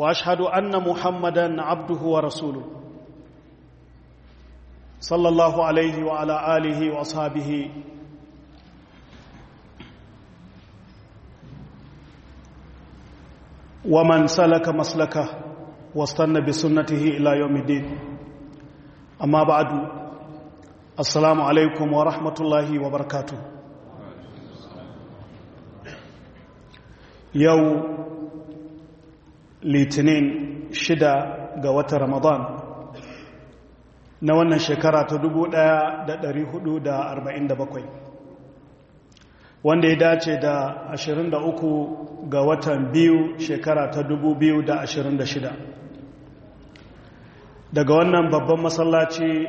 واشهد ان محمدا عبده ورسوله صلى الله عليه وعلى اله واصحابه ومن سلك مسلكه واستنى بسنته الى يوم الدين اما بعد السلام عليكم ورحمه الله وبركاته يوم litinin shida ga wata ramadan na wannan shekara ta 1447 wanda ya dace da 23 ga watan biyu shekara ta da da ashirin shida. daga wannan babban masallaci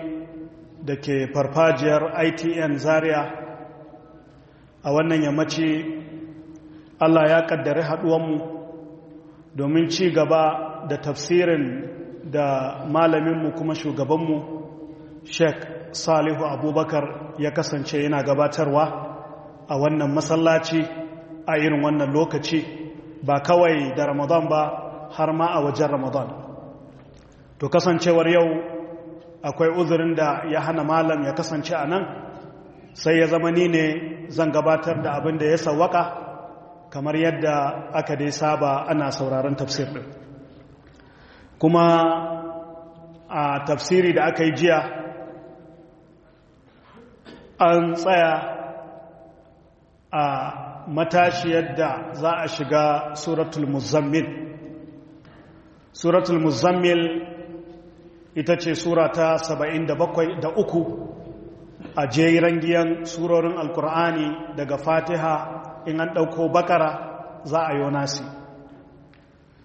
da ke farfajiyar itn zaria a wannan yammaci allah ya kaddari haduwanmu domin ci gaba da tafsirin da malaminmu kuma shugabanmu sheik salihu abubakar ya kasance yana gabatarwa a wannan masallaci a irin wannan lokaci ba kawai da ramadan ba har ma a wajen ramadan to kasancewar yau akwai uzurin da ya hana malam ya kasance a nan sai ya zama ni ne zan gabatar da abin da ya sawaka kamar yadda aka dai saba ana sauraron tafsir ɗin kuma a tafsiri da aka yi jiya an tsaya a matashiyar da za a shiga suratul muzammil suratul muzammil ita ce sura ta 77 da uku a jeren giyan surorin alkur'ani daga fatiha in an ɗauko bakara za a yi nasi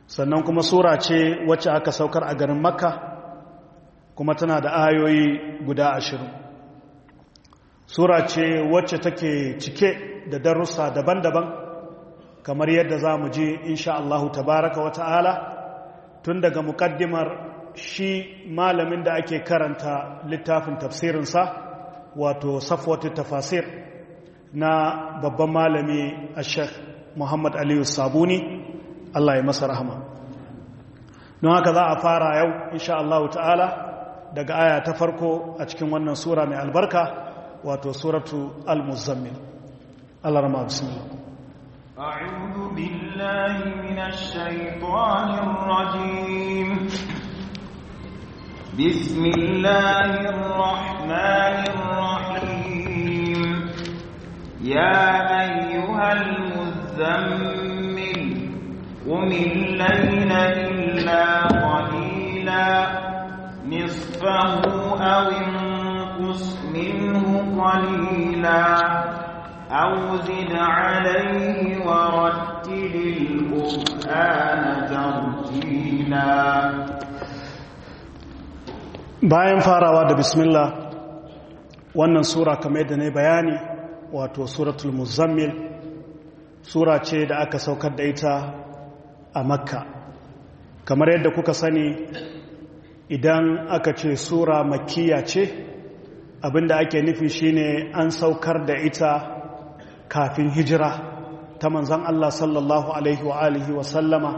sannan kuma sura ce wacce aka saukar a garin makka kuma tana da ayoyi guda ashirin sura ce wacce take cike da darussa daban-daban kamar yadda za mu je insha Allahu tabaraka wa ta'ala tun daga mukaddimar shi malamin da ake karanta littafin tafsirinsa wato safwatu tafasir na babban malami a sheikh muhammad aliyu sabuni allah ya masa rahama don haka za a fara yau insha Allah ta'ala daga aya ta farko a cikin wannan sura mai albarka wato suratu al-muzammil Allah rama bismillah a'udhu billahi minash shaitanir rajim bismillahir rahmanir rahim يا أيها المزمل قم الليل إلا قليلا نصفه أو انقص منه قليلا أو زد عليه ورتل القرآن ترتيلا bayan farawa بسم الله wannan sura kamar yadda na bayani wato suratul muzammil sura ce da aka saukar da ita a makka kamar yadda kuka sani idan aka ce sura makiya ce abinda ake nufi shine an saukar da ita kafin hijira ta manzan Allah sallallahu alaihi wa alihi wa sallama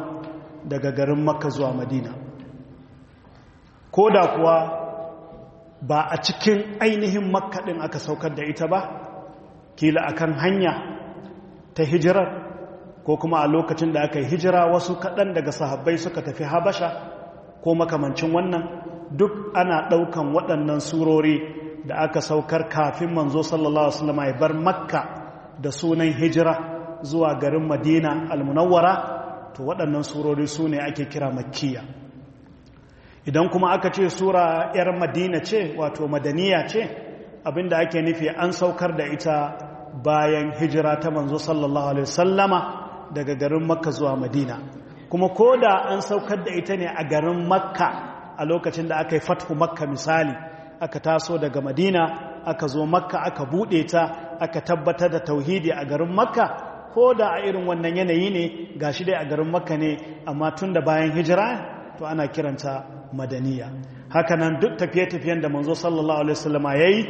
daga garin makka zuwa madina ko da kuwa ba a cikin ainihin makka ɗin aka saukar da ita ba kila akan hanya ta hijirar ko kuma a lokacin da aka yi hijira wasu kaɗan daga sahabbai suka tafi habasha ko makamancin wannan duk ana ɗaukan waɗannan surori da aka saukar kafin manzo sallallahu alaihi ya bar makka da sunan hijira zuwa garin madina almunawwara to waɗannan surori su ne ake kira makkiya idan kuma aka ce sura 'yar madina ce wato madaniya ce abinda ake nufi an saukar da ita bayan hijira ta manzo sallallahu alaihi sallama daga garin makka zuwa madina kuma ko da an saukar da ita ne a garin makka a lokacin da aka yi fatfu makka misali aka taso daga madina aka zo makka aka buɗe ta aka tabbatar da tauhidi a garin makka ko da a irin wannan yanayi ne ga shi dai a garin makka ne amma tun da bayan hijira to ana kiranta madaniya hakanan duk tafiye-tafiyen da manzo sallallahu alaihi wasallama ya yi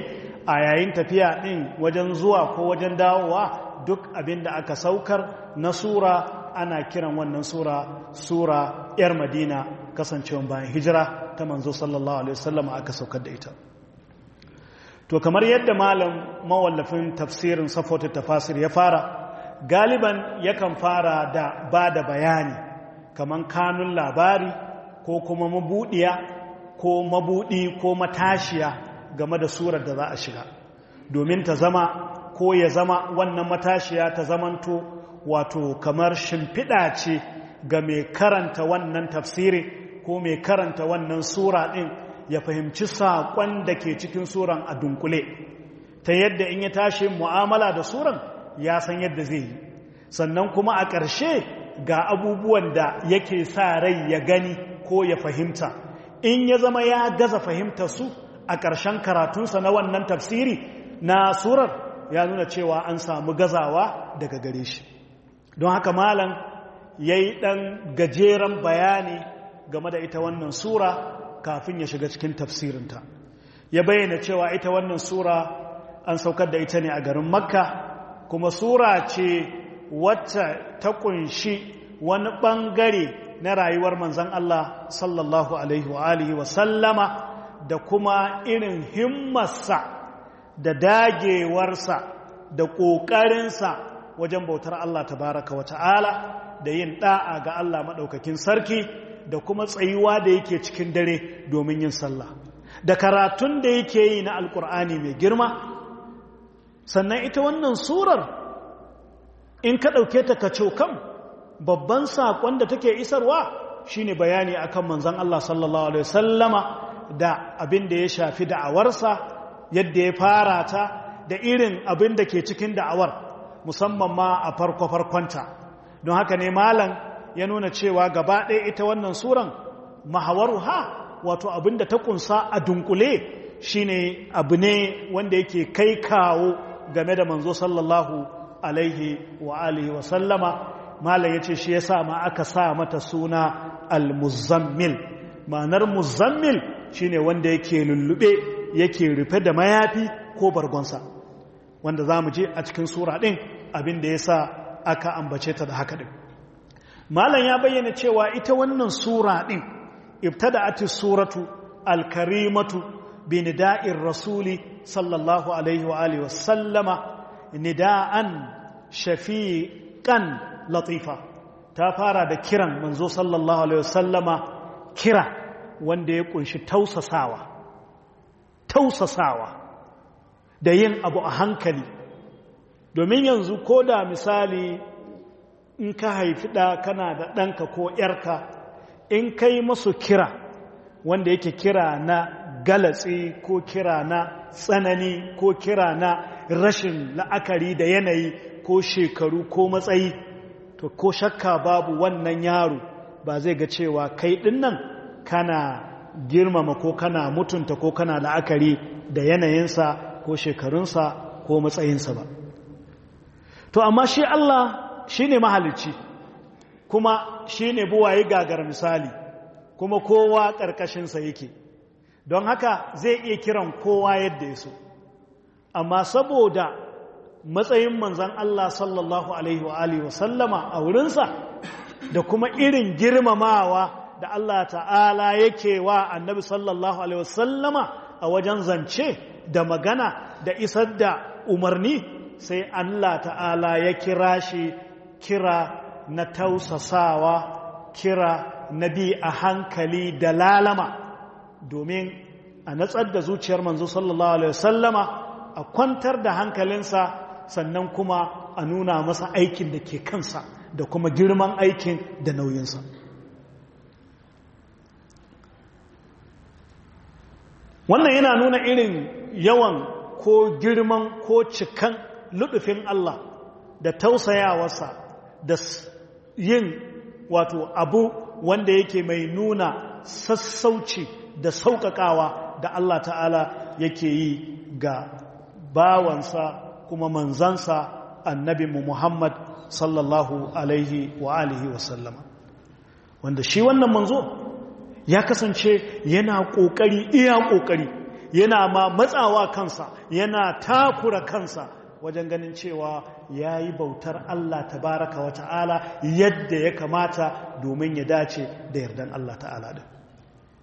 a yayin tafiya ɗin wajen zuwa ko wajen dawowa duk abin da aka saukar na sura ana kiran wannan sura sura 'yar madina kasancewa bayan hijira ta manzo sallallahu alaihi wasallam aka saukar da ita to kamar yadda malam mawallafin tafsirin safotu tafasir ya fara galiban yakan fara da ba da bayani kamar kanun labari ko kuma mabuɗiya ko mabuɗi ko matashiya game da surar da za a shiga domin ta zama ko ya zama wannan matashiya ta zamanto wato kamar shimfiɗa ce ga mai karanta wannan tafsiri ko mai karanta wannan sura ɗin ya fahimci saƙon da ke cikin suran a dunkule ta yadda in ya tashi mu'amala da suran ya san yadda zai yi sannan kuma a ƙarshe ga abubuwan da yake sa rai ya gani ko ya fahimta in ya zama ya gaza fahimtar su a ƙarshen karatunsa na wannan tafsiri na surar ya nuna cewa an samu gazawa daga gare shi don haka malam ya yi ɗan gajeren bayani game da ita wannan sura kafin ya shiga cikin tafsirinta ya bayyana cewa ita wannan sura an saukar da ita ne a garin makka kuma sura ce wacce ta kunshi wani ɓangare na rayuwar manzan Allah sallallahu alaihi wa wa sallama da kuma irin himmarsa da dagewarsa da ƙoƙarinsa wajen bautar Allah Ta baraka wa ta'ala da yin ɗa'a ga Allah maɗaukakin sarki da kuma tsayuwa da yake cikin dare domin yin sallah da karatun da yake yi na alƙur'ani mai girma sannan ita wannan surar in ka ɗauke ta ka cokan babban saƙon da take isarwa shine bayani akan manzon Allah sallallahu alaihi wasallama da abin da ya shafi da'awarsa yadda ya fara ta da irin abin da ke cikin da'awar musamman ma a farko-farkonta don haka ne malam ya nuna cewa gaba ɗaya ita wannan suran mahawaru ha wato abin da ta kunsa a dunkule shi ne abu ne wanda yake kai kawo game da manzo sallallahu alaihi wa alihi wa sallama malam ya ce shi ya sa ma aka sa mata suna al-muzammil ma'anar muzammil shine wanda yake lullube yake rufe da mayafi ko bargonsa wanda za mu je a cikin sura ɗin abinda ya sa aka ambace ta da haka ɗin malam ya bayyana cewa ita wannan sura ɗin ati suratu alkarimatu bi nida'ir rasuli sallallahu alaihi wa alihi sallama nida'an shafiqan latifa ta fara da kiran manzo sallallahu alaihi wa sallama kira wanda ya kunshi tausasawa tausasawa da yin abu a hankali domin yanzu ko da misali in ka haifi ɗa kana da ɗanka ko ‘yarka in ka yi masu kira wanda yake kira na galatsi ko kira na tsanani ko kira na rashin la'akari da yanayi ko shekaru ko matsayi to ko shakka babu wannan yaro ba zai ga cewa kai ɗin nan kana girmama ko kana mutunta ko kana la'akari da yanayinsa ko shekarunsa ko matsayinsa ba to amma shi Allah shi ne mahalicci kuma shi ne buwaye gagar misali kuma kowa ƙarƙashinsa yake don haka zai iya kiran kowa yadda ya so amma saboda matsayin manzan Allah sallallahu Alaihi wa sallama a wurinsa da kuma irin girmamawa da Allah ta'ala yake wa annabi sallallahu alaihi wasallama a wajen zance da magana da isar da umarni sai Allah ta'ala ya kira shi kira na tausasawa kira na bi a hankali da lalama domin a natsar da zuciyar manzo sallallahu alaihi wasallama a kwantar da hankalinsa sannan kuma a nuna masa aikin da ke kansa da kuma girman aikin da nauyinsa wannan yana nuna irin yawan ko girman ko cikan ludufin Allah da tausayawarsa da yin wato abu wanda yake mai nuna sassauci da sauƙaƙawa da Allah ta'ala yake yi ga bawansa kuma manzansa annabi Muhammad sallallahu alaihi wa alihi wasallama wanda shi wannan manzo ya kasance yana ƙoƙari iya ƙoƙari yana ma matsawa kansa yana takura kansa wajen ganin cewa ya yi bautar Allah ta baraka wa ta'ala yadda ya kamata domin ya dace da yardan Allah ta'ala da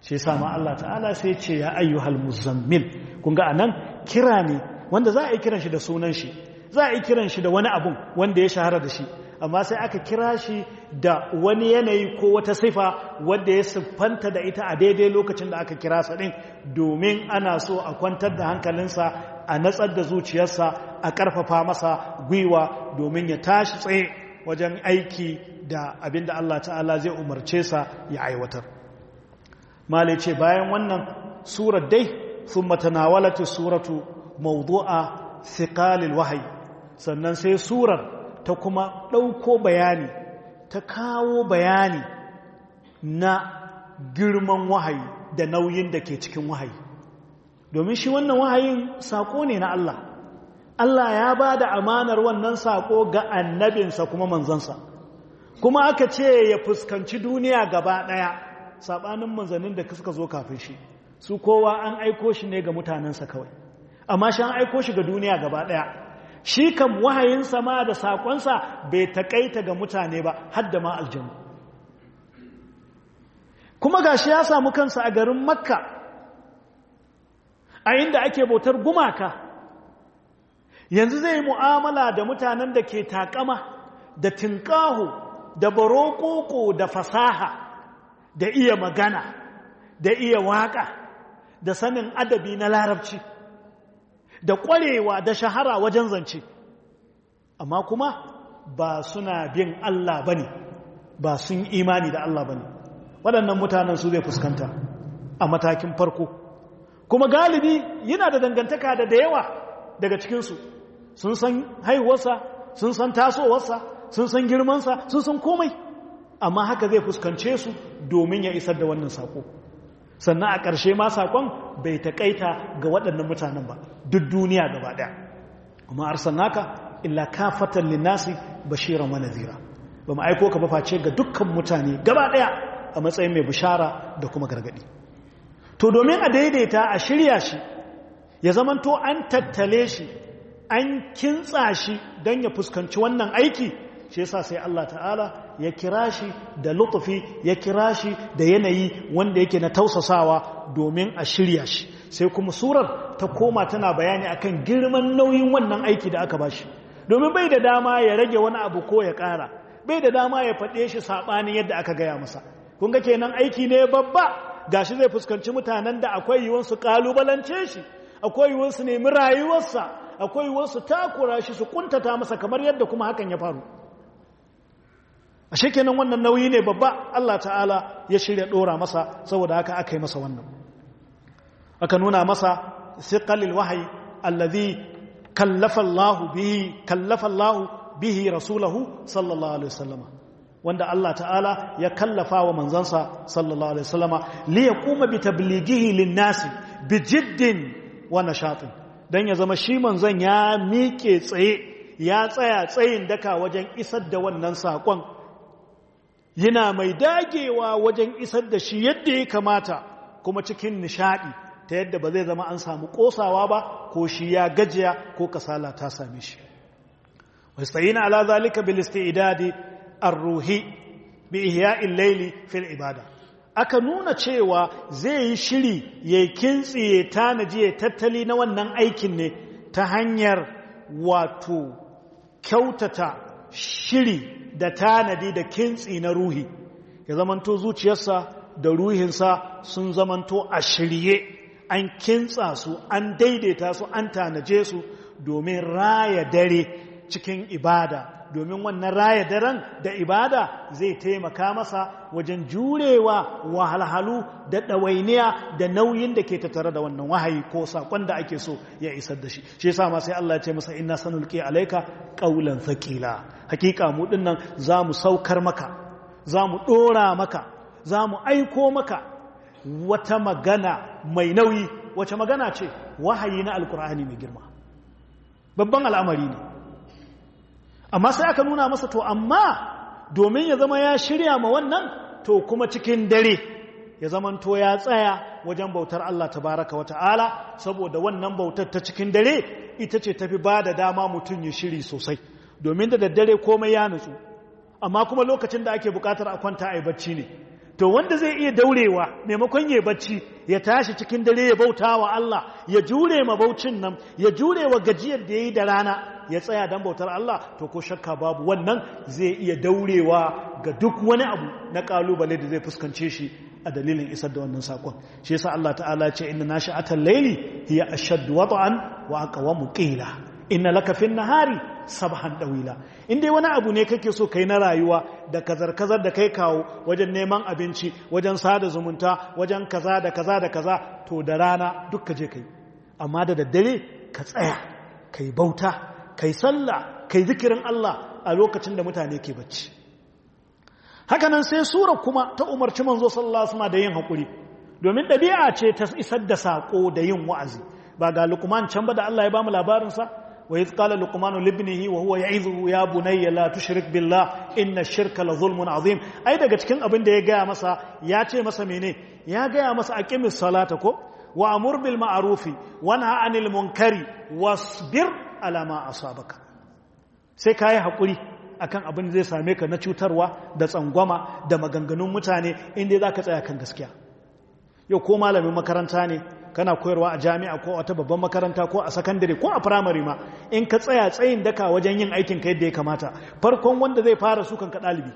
shi sama Allah ta'ala sai ce ya ayyuhal muzammil kunga a nan kira ne wanda za a yi kiran shi da sunan shi za a yi kiran shi da wani abun wanda ya shahara da shi amma sai aka kira shi da wani yanayi ko wata sifa wadda ya siffanta da ita a daidai lokacin da aka kira sa din domin ana so a kwantar da hankalinsa a natsar da zuciyarsa a ƙarfafa masa gwiwa domin ya tashi tsaye wajen aiki da abinda Allah ta'ala zai umarce sa ya aiwatar malai bayan wannan surar dai sun matanawalata suratu mawdu'a thiqalil wahayi sannan sai surar ta kuma ɗauko bayani ta kawo bayani na girman wahayi da nauyin da ke cikin wahayi domin shi wannan wahayin sako ne na Allah Allah ya ba da amanar wannan sako ga annabinsa kuma manzansa kuma aka ce ya fuskanci duniya gaba ɗaya saɓanin manzannin da suka zo kafin shi su kowa an aiko shi ne ga mutanensa kawai amma shi an aiko shi ga duniya gaba ɗaya shi kam wahayinsa ma da saƙonsa bai taƙaita ga mutane ba har da ma aljanu kuma gashi ya samu kansa a garin makka a inda ake bautar gumaka yanzu zai mu'amala da mutanen da ke taƙama da tinƙaho da barokoko da fasaha da iya magana da iya waƙa da sanin adabi na larabci da ƙwarewa da shahara wajen zance amma kuma ba suna bin Allah ba ne ba sun imani da Allah ba ne waɗannan mutanen su zai fuskanta a matakin farko kuma galibi yana da dangantaka da da yawa daga cikinsu sun san haihuwarsa sun san tasowarsa sun san girmansa sun san komai amma haka zai fuskance su domin ya isar da wannan saƙo sannan a ƙarshe ma saƙon bai taƙaita ga waɗannan mutanen ba duk duniya gaba ɗaya kuma naka illa kafatan linnasi bashiran wani zira. ba mu aiko ka ba ga dukkan mutane gaba ɗaya a matsayin mai bishara da kuma gargaɗi to domin a daidaita a shirya shi ya zamanto an tattale shi an kintsa shi don ya fuskanci wannan aiki shi yasa sai Allah ta'ala ya kira shi da lutufi ya kira shi da yanayi wanda yake na tausasawa domin a shirya shi sai kuma surar ta koma tana bayani akan girman nauyin wannan aiki da aka bashi domin bai da dama ya rage wani abu ko ya ƙara bai da dama ya faɗe shi saɓanin yadda aka gaya masa kun ga kenan aiki ne babba gashi zai fuskanci mutanen da akwai yiwuwar su ƙalubalance shi akwai yiwuwar su nemi rayuwarsa akwai yiwuwar su takura shi su kuntata masa kamar yadda kuma hakan ya faru ashe kenan wannan nauyi ne babba Allah ta'ala ya shirya ɗora masa saboda haka aka yi masa wannan aka nuna masa siqalil wahyi allazi kallafa bihi kallafa Allah bihi rasulahu sallallahu alaihi wasallama wanda Allah ta'ala ya kallafa wa manzansa sallallahu alaihi wasallama li yaquma bi tablighihi lin nasi bi jiddin wa nashatin dan ya zama shi manzon ya miƙe tsaye ya tsaya tsayin daka wajen isar da wannan saƙon. yana mai dagewa wajen isar da shi yadda ya kamata kuma cikin nishadi ta yadda ba zai zama an samu kosawa ba ko shi ya gajiya ko kasala ta same shi wasta'ina ala zalika bil isti'dadi ar-ruhi bi ihya'il layli fil ibada aka nuna cewa zai yi shiri ya kintsi ya tanaji ya tattali na wannan aikin ne ta hanyar wato kyautata shiri da tanadi da kintsi na ruhi ya zamanto zuciyarsa da ruhinsa sun zamanto a shirye an kintsa su an daidaita su an tanaje su domin raya dare cikin ibada domin wannan raya daren da ibada zai taimaka masa wajen jurewa wahalhalu da ɗawainiya da nauyin da ke tattara da wannan wahayi ko saƙon da ake so ya isar da shi shi sama sai Allah ya ce masa ina sanulke alaika ƙaulan thaqila hakika mu dinnan za mu saukar maka za mu ɗora maka za mu aiko maka wata magana mai nauyi wace magana ce wahayi na alkur'ani mai girma babban al'amari ne amma sai aka nuna masa to amma domin ya zama ya shirya ma wannan to kuma cikin dare ya zamanto ya tsaya wajen bautar Allah tabaraka wata'ala saboda wannan bautar ta cikin dare ita ce tafi ba da dama mutum ya shiri sosai domin da daddare komai ya nutsu amma kuma lokacin da ake bukatar a kwanta a yi bacci ne to wanda zai iya daurewa maimakon ya bacci ya tashi cikin dare ya bauta wa Allah ya jure ma baucin nan ya jure wa gajiyar da ya yi da rana ya tsaya don bautar Allah to ko shakka babu wannan zai iya daurewa ga duk wani abu na kalubale da zai fuskance shi a dalilin isar da wannan sakon shi yasa Allah ta'ala ce inna nashi'atal laili hiya ashaddu wat'an wa aqwamu qila inna laka fin nahari sabhan dawila in dai wani abu ne kake so kai na rayuwa da kazar kazar da kai kawo wajen neman abinci wajen sada zumunta wajen kaza da kaza da kaza to da rana duk ka je kai amma da daddare ka tsaya kai bauta kai sallah kai zikirin Allah a lokacin da mutane ke bacci haka nan sai sura kuma ta umarci manzo sallallahu alaihi wasallam da yin hakuri domin dabi'a ce ta isar da sako da yin wa'azi ba ga lukman can ba da Allah ya ba mu labarinsa wa idh qala luqmanu li ibnihi wa huwa ya bunayya la tushrik billah inna ash zulmun azim ai daga cikin abin da ya gaya masa ya ce masa mene ya gaya masa aqimis salata ko wa amur bil ma'rufi wa nahy anil munkari wasbir ala ma asabaka sai kai hakuri akan abin da zai same ka na cutarwa da tsangwama da maganganun mutane inda zaka tsaya kan gaskiya yau ko malamin makaranta ne kana koyarwa a jami'a ko wata babban makaranta ko a sakandare ko a firamare ma in ka tsaya tsayin daka wajen yin aikin ka yadda ya kamata farkon wanda zai fara sukan ka dalibi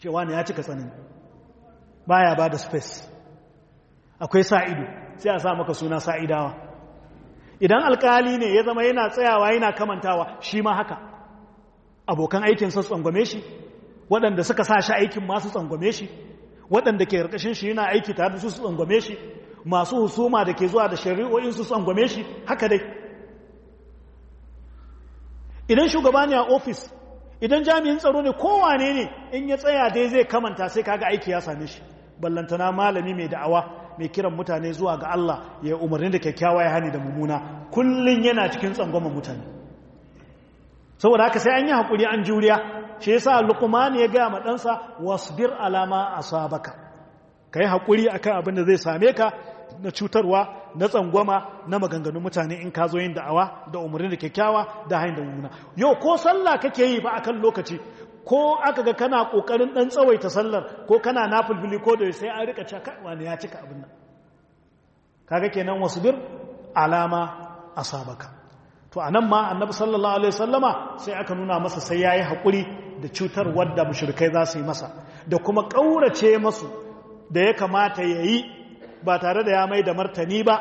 cewa ne ya cika tsanin? baya ba da space akwai sa'ido sai a sa maka suna sa'idawa idan alkali ne ya zama yana tsayawa yana kamantawa shi ma haka abokan aikin su tsangwame shi waɗanda suka sa shi aikin masu tsangwame shi waɗanda ke ƙarƙashin shi yana aiki tare da su su tsangwame shi masu husuma da ke zuwa da shari'o'in su tsangwame shi haka dai idan shugaba ne a ofis idan jami'in tsaro ne kowane ne in ya tsaya dai zai kamanta sai kaga aiki ya same shi ballantana malami mai da'awa mai kiran mutane zuwa ga Allah ya umarni da kyakkyawa ya hani da mummuna kullum yana cikin tsangwama mutane saboda haka sai an yi hakuri an juriya shi yasa luqman ya gaya ma ɗansa wasbir alama a Ka yi hakuri akan abin da zai same ka na cutarwa na tsangwama na maganganun mutane in ka zo yin da'awa da umarni da kyakkyawa da hain da mummuna yau ko sallah kake yi ba akan lokaci ko aka ga kana kokarin dan tsawaita sallar ko kana nafilbili ko da sai an rika ka, wani ya cika abin nan kaga kenan wasbir alama asabaka to anan ma annabi sallallahu alaihi wasallama sai aka nuna masa sai yayi hakuri da cutar wadda mushrikai za su yi masa da kuma kaurace masu da ya kamata yayi ba tare da ya mai da martani ba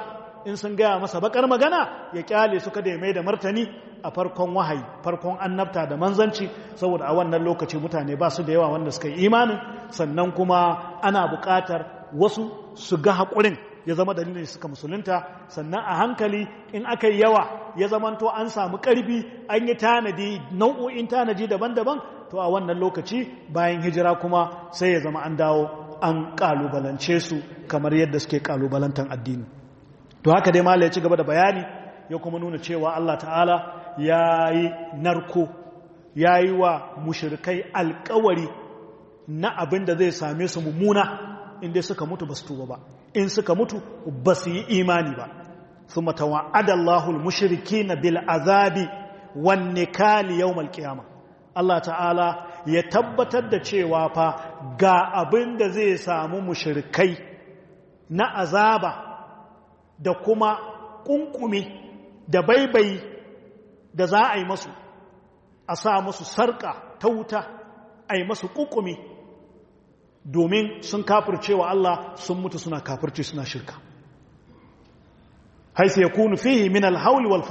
in sun gaya masa bakar magana ya kyale suka da ya mai da martani a farkon wahayi farkon annabta da manzanci saboda a wannan lokaci mutane ba su da yawa wanda suka yi imanin sannan kuma ana buƙatar wasu su ga haƙurin ya zama dalilin suka musulunta sannan a hankali in aka yi yawa ya to an samu ƙarfi an yi tanadi nau'o'in tanadi daban-daban to a wannan lokaci bayan hijira kuma sai ya zama an dawo an kalubalance su kamar yadda suke kalubalantan addini to haka dai mala ya ci gaba da bayani ya kuma nuna cewa Allah ta'ala ya yi narko ya yi wa mushirikai alkawari na abin da zai same su mummuna inda suka mutu basu su tuba ba in suka mutu basu yi imani ba mushirki na bil azabi, wanne kali yau القيامة Allah ta'ala ya tabbatar da cewa fa ga abin da zai samu mushirkai na azaba da kuma ƙunƙumi da baibai da za a yi masu a sa masu sarƙa ta wuta a yi masu kunkume domin sun wa Allah sun mutu suna kafirce suna shirka haisu ya kunu fihi min alhauli wal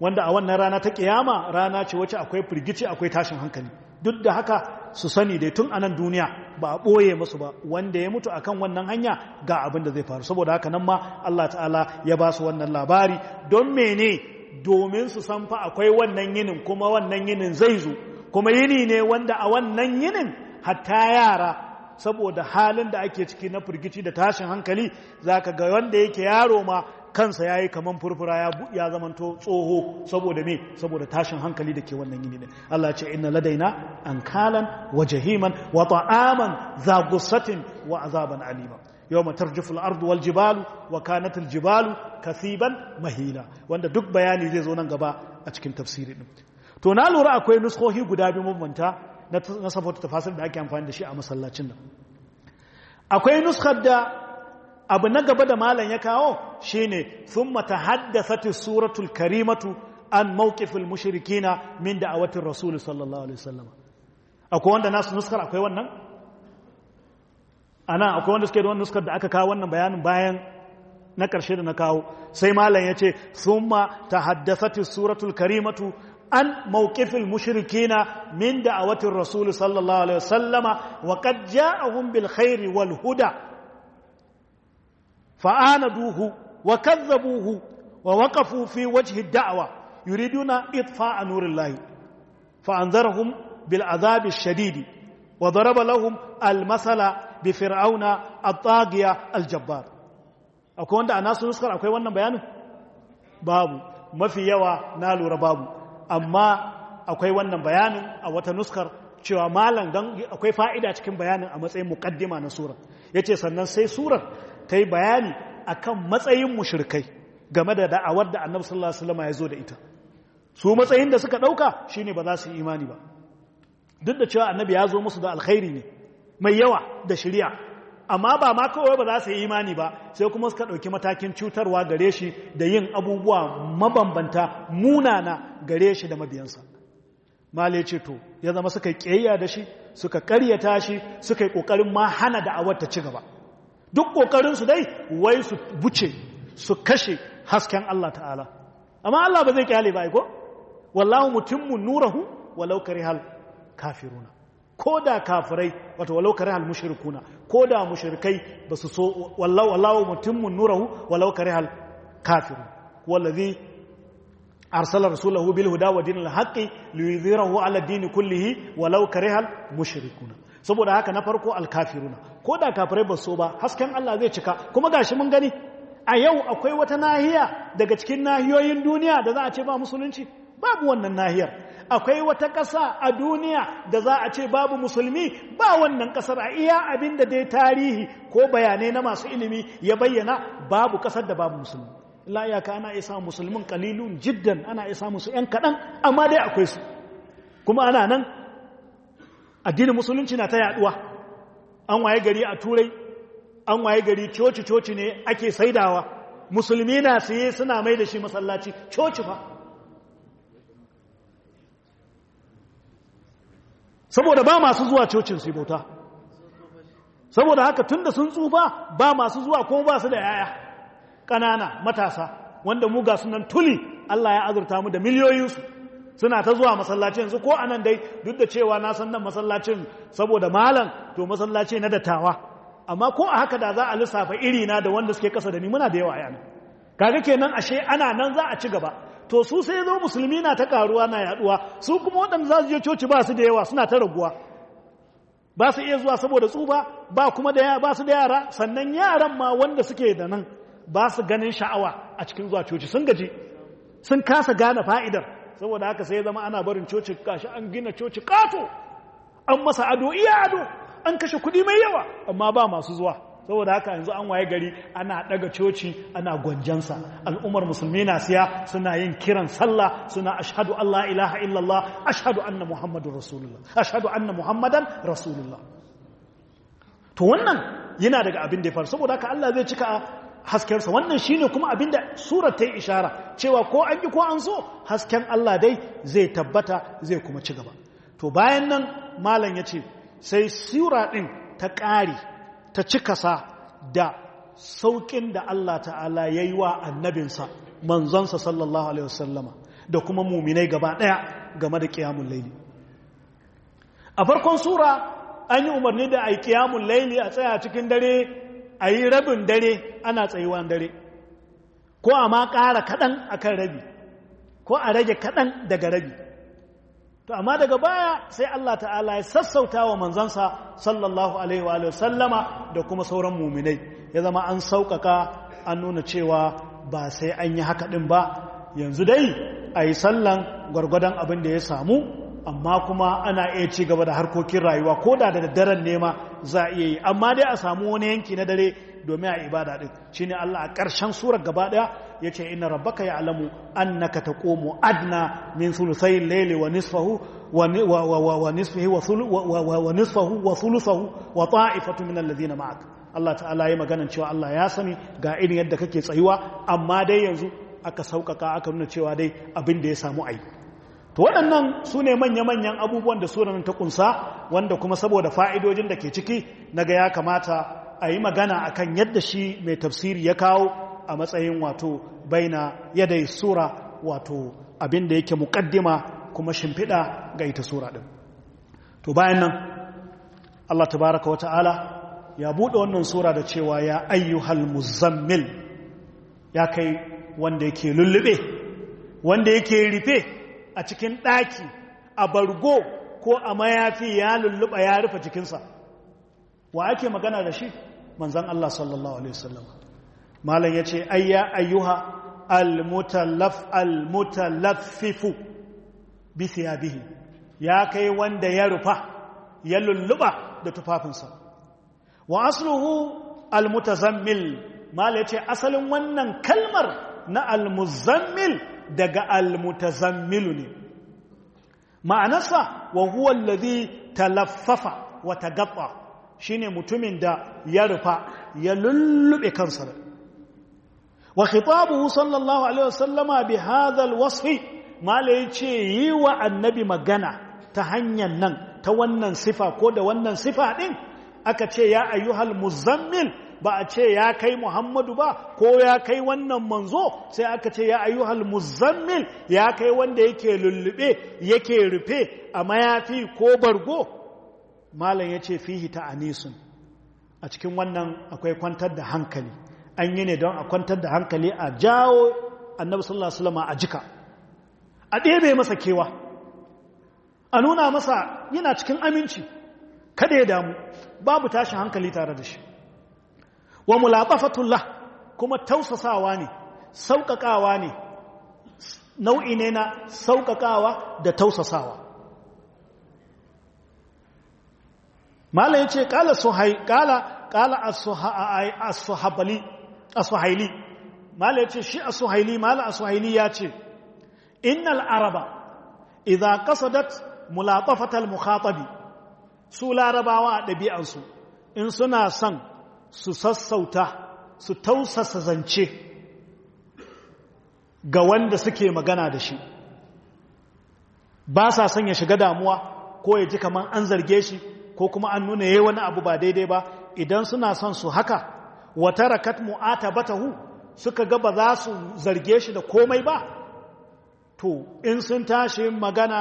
wanda a wannan rana ta kiyama rana ce wacce akwai firgici akwai tashin hankali duk da haka su sani dai tun anan duniya ba a ɓoye musu ba wanda ya mutu akan wannan hanya ga abin da zai faru saboda haka nan ma Allah ta'ala ya ba su wannan labari don mene domin su san fa akwai wannan yinin kuma wannan yinin zai zo kuma yini ne wanda a wannan yinin hatta yara saboda halin da ake ciki na firgici da tashin hankali zaka ga wanda yake yaro ma kansa ya yi kaman furfura ya zamanto tsoho saboda me saboda tashin hankali da ke wannan yini Allah ce inna ladaina an kalan wa jahiman wa ta'aman za gusatin wa azaban alima Yau matar al-ard wal jibalu wa kanat jibalu kasiban mahila wanda duk bayani zai zo nan gaba a cikin tafsiri ɗin. to na lura akwai nuskohi guda biyu mabanta na safota tafasir da ake amfani da shi a masallacin nan akwai nuskar da abu na gaba da malam ya kawo shi shine thumma tahaddathat suratul karimatu an mawqifil na min da a watan rasul sallallahu alaihi wasallam akwai wanda nasu nuskar akwai wannan ana akwai wanda suke da wannan nuskar da aka kawo wannan bayanin bayan na karshe da na kawo sai malam ya ce ta tahaddathat suratul karimatu an mawqifil na min da a watan rasul sallallahu alaihi wasallama wa qad a bil khairi wal huda فآندوه وكذبوه ووقفوا في وجه الدعوة يريدون إطفاء نور الله فأنذرهم بالعذاب الشديد وضرب لهم المثل بفرعون الطاقية الجبار أكون عند الناس أكون أكو يوانا بيانه بابو ما في يوى نالو رباب أما akwai wannan bayanin a wata nuskar cewa malam don akwai fa’ida cikin bayanin a matsayin mukaddima na surar ya sannan sai surar ta yi bayani a kan matsayin mushrikai game da da'awar da annabi sallallahu alaihi wasallam ya zo da ita su matsayin da suka dauka shine ba za su yi imani ba duk da cewa annabi ya zo musu da alkhairi ne mai yawa da shari'a amma ba ma kawai ba za su yi imani ba sai kuma suka dauki matakin cutarwa gare shi da yin abubuwa mabambanta munana gare shi da mabiyansa male ce to ya zama suka kiyayya da shi suka karyata shi suka yi kokarin ma hana da'awar ta ci gaba duk ƙoƙarinsu dai wai su buce su kashe hasken Allah ta'ala amma Allah ba zai kyale ba ko wallahu mutimmu nurahu walau karihal kafiruna ko da kafirai wato walau karihal mushrikuna ko da mushrikai ba su so wallahu wallahu mutimmu nurahu walau karihal kafirun wallazi arsala rasulahu bil huda wa dinil haqqi liyudhirahu ala dini kullihi walau karihal mushrikuna saboda haka na farko al kafiruna ko da kafirai ba so ba hasken Allah zai cika kuma gashi mun gani a yau akwai wata nahiya daga cikin nahiyoyin duniya da za a ce ba musulunci babu wannan nahiyar akwai wata ƙasa a duniya da za a ce babu musulmi ba wannan ƙasar a iya abin da dai tarihi ko bayanai na masu ilimi ya bayyana babu ƙasar da babu musulmi la iyaka ana isa musulmin kalilun jiddan ana isa musu yan kaɗan amma dai akwai su kuma ana nan addinin musulunci na ta yaɗuwa an waye gari a turai an waye gari coci-coci ne ake saidawa musulmi na siye suna mai da shi masallaci coci fa saboda ba masu zuwa cocin su bauta saboda haka tun da sun tsufa ba masu zuwa ko ba su da yaya ƙanana matasa wanda muga ga sunan tuli Allah ya azurta mu da miliyoyinsu suna ta zuwa masallaci yanzu ko anan dai duk da cewa na san nan masallacin saboda malam to masallaci na dattawa amma ko a haka da za a lissafa iri na da wanda suke kasa da ni muna da yawa yana kaga kenan ashe ana nan za a ci gaba to su sai zo musulmi na ta karuwa na yaduwa su kuma waɗanda za su je coci ba su da yawa suna ta raguwa ba su iya zuwa saboda tsuba ba kuma da ba su da yara sannan yaran ma wanda suke da nan ba su ganin sha'awa a cikin zuwa coci sun gaji sun kasa gane fa'idar saboda haka sai zama ana barin coci kashi an gina coci kato an masa ado iya ado an kashe kudi mai yawa amma ba masu zuwa saboda haka yanzu an waye gari ana daga coci ana gwanjansa al'ummar musulmi na siya suna yin kiran sallah suna ashadu allah ilaha illallah ashadu anna Muhammadu rasulullah ashadu anna muhammadan rasulullah to wannan yana daga abin da ya faru saboda haka Allah zai cika haskensa wannan shine kuma abinda surar ta yi ishara cewa ko an yi ko an so hasken Allah dai zai tabbata zai kuma ci gaba to bayan nan malam ya ce sai sura ɗin ta ƙari ta cikasa da sauƙin da Allah ta'ala ya yi wa annabinsa manzonsa sallallahu alaihi wasallama da kuma muminai gaba ɗaya game da ƙiyamun laili a farkon sura an yi umarni da a yi ƙiyamun laili a tsaya cikin dare a yi rabin dare ana tsayuwan dare ko a ma ƙara kaɗan a kan rabi ko a rage kaɗan daga rabi to amma daga baya sai Allah ta'ala ya sassauta wa manzansa sallallahu alaihi wa sallama da kuma sauran muminai ya zama an sauƙaƙa an nuna cewa ba sai an yi haka ɗin ba yanzu dai ayi sallan gwargwadon abin da ya samu amma kuma ana iya ci gaba da harkokin rayuwa ko da da daren nema za a iya yi amma dai a samu wani yanki na dare domin a ibada din shine Allah a ƙarshen surar gaba daya yace inna rabbaka ya'lamu annaka taqumu adna min thuluthay al-layli wa nisfahu wa wa nisfihi wa nisfahu wa thuluthahu wa ta'ifatu min alladhina ma'ak Allah ta'ala yi maganan cewa Allah ya sani ga irin yadda kake tsayuwa amma dai yanzu aka sauƙaƙa aka nuna cewa dai abin da ya samu ai to waɗannan su ne manya-manyan abubuwan da suran ta ƙunsa, wanda kuma saboda fa'idojin da ke ciki na ga ya kamata a yi magana a kan yadda shi mai tafsiri ya kawo a matsayin wato baina yi sura wato abin da yake muƙaddima kuma shimfiɗa ga ita sura ɗin to bayan nan Allah tabaraka wa ta'ala ya buɗe wannan sura da cewa ya ayyuhal muzammil ya kai wanda yake lullube wanda yake rufe a cikin ɗaki a bargo ko a mayafi ya lulluɓa ya rufe jikinsa wa ake magana da shi manzan Allah sallallahu Alaihi wasallam malam ya ce ayya ayyuha almutallaf almutallaffifu bi thiyabihi ya kai wanda ya rufa ya lulluɓa da tufafinsa wa asluhu almutazammil malam ya ce asalin wannan kalmar na almuzammil daga almutazammilu ne ma'anarsa wa huwa talaffafa wa tagaffa shine mutumin da ya rufa ya lullube kansa wa khitabuhu sallallahu alaihi wasallama bi hadha alwasfi mala yace yi wa annabi magana ta hanyar nan ta wannan sifa ko da wannan sifa din aka ce ya ayyuhal muzammil ba a ce ya kai muhammadu ba ko ya kai wannan manzo sai aka ce ya ayyuhal muzammil ya kai wanda yake lullube yake rufe a mayafi ko bargo malam ya ce fihi ta anisun a cikin wannan akwai kwantar da hankali an yi ne don a kwantar da hankali a jawo annabi sallallahu a jika a ɗebe masa kewa a nuna masa yana cikin aminci kada ya damu babu tashin hankali tare da shi wa mulatafatullah kuma tausasawa ne Saukakawa ne nau'i ne na Saukakawa da tausasawa malam ya ce ƙala asuhaili malam ya ce shi asuhaili malam asuhaili ya ce innal araba idha qasadat mulatafatal mukhatabi su larabawa a ɗabi'ansu in suna son su sassauta su tausasa zance ga wanda suke magana da shi ba sa son ya shiga damuwa ko ya ji kamar an zarge shi ko kuma an nuna yayi wani abu ba daidai ba idan suna son su haka wata rakat mu'ata hu suka ga ba za su zarge shi da komai ba to in sun tashi magana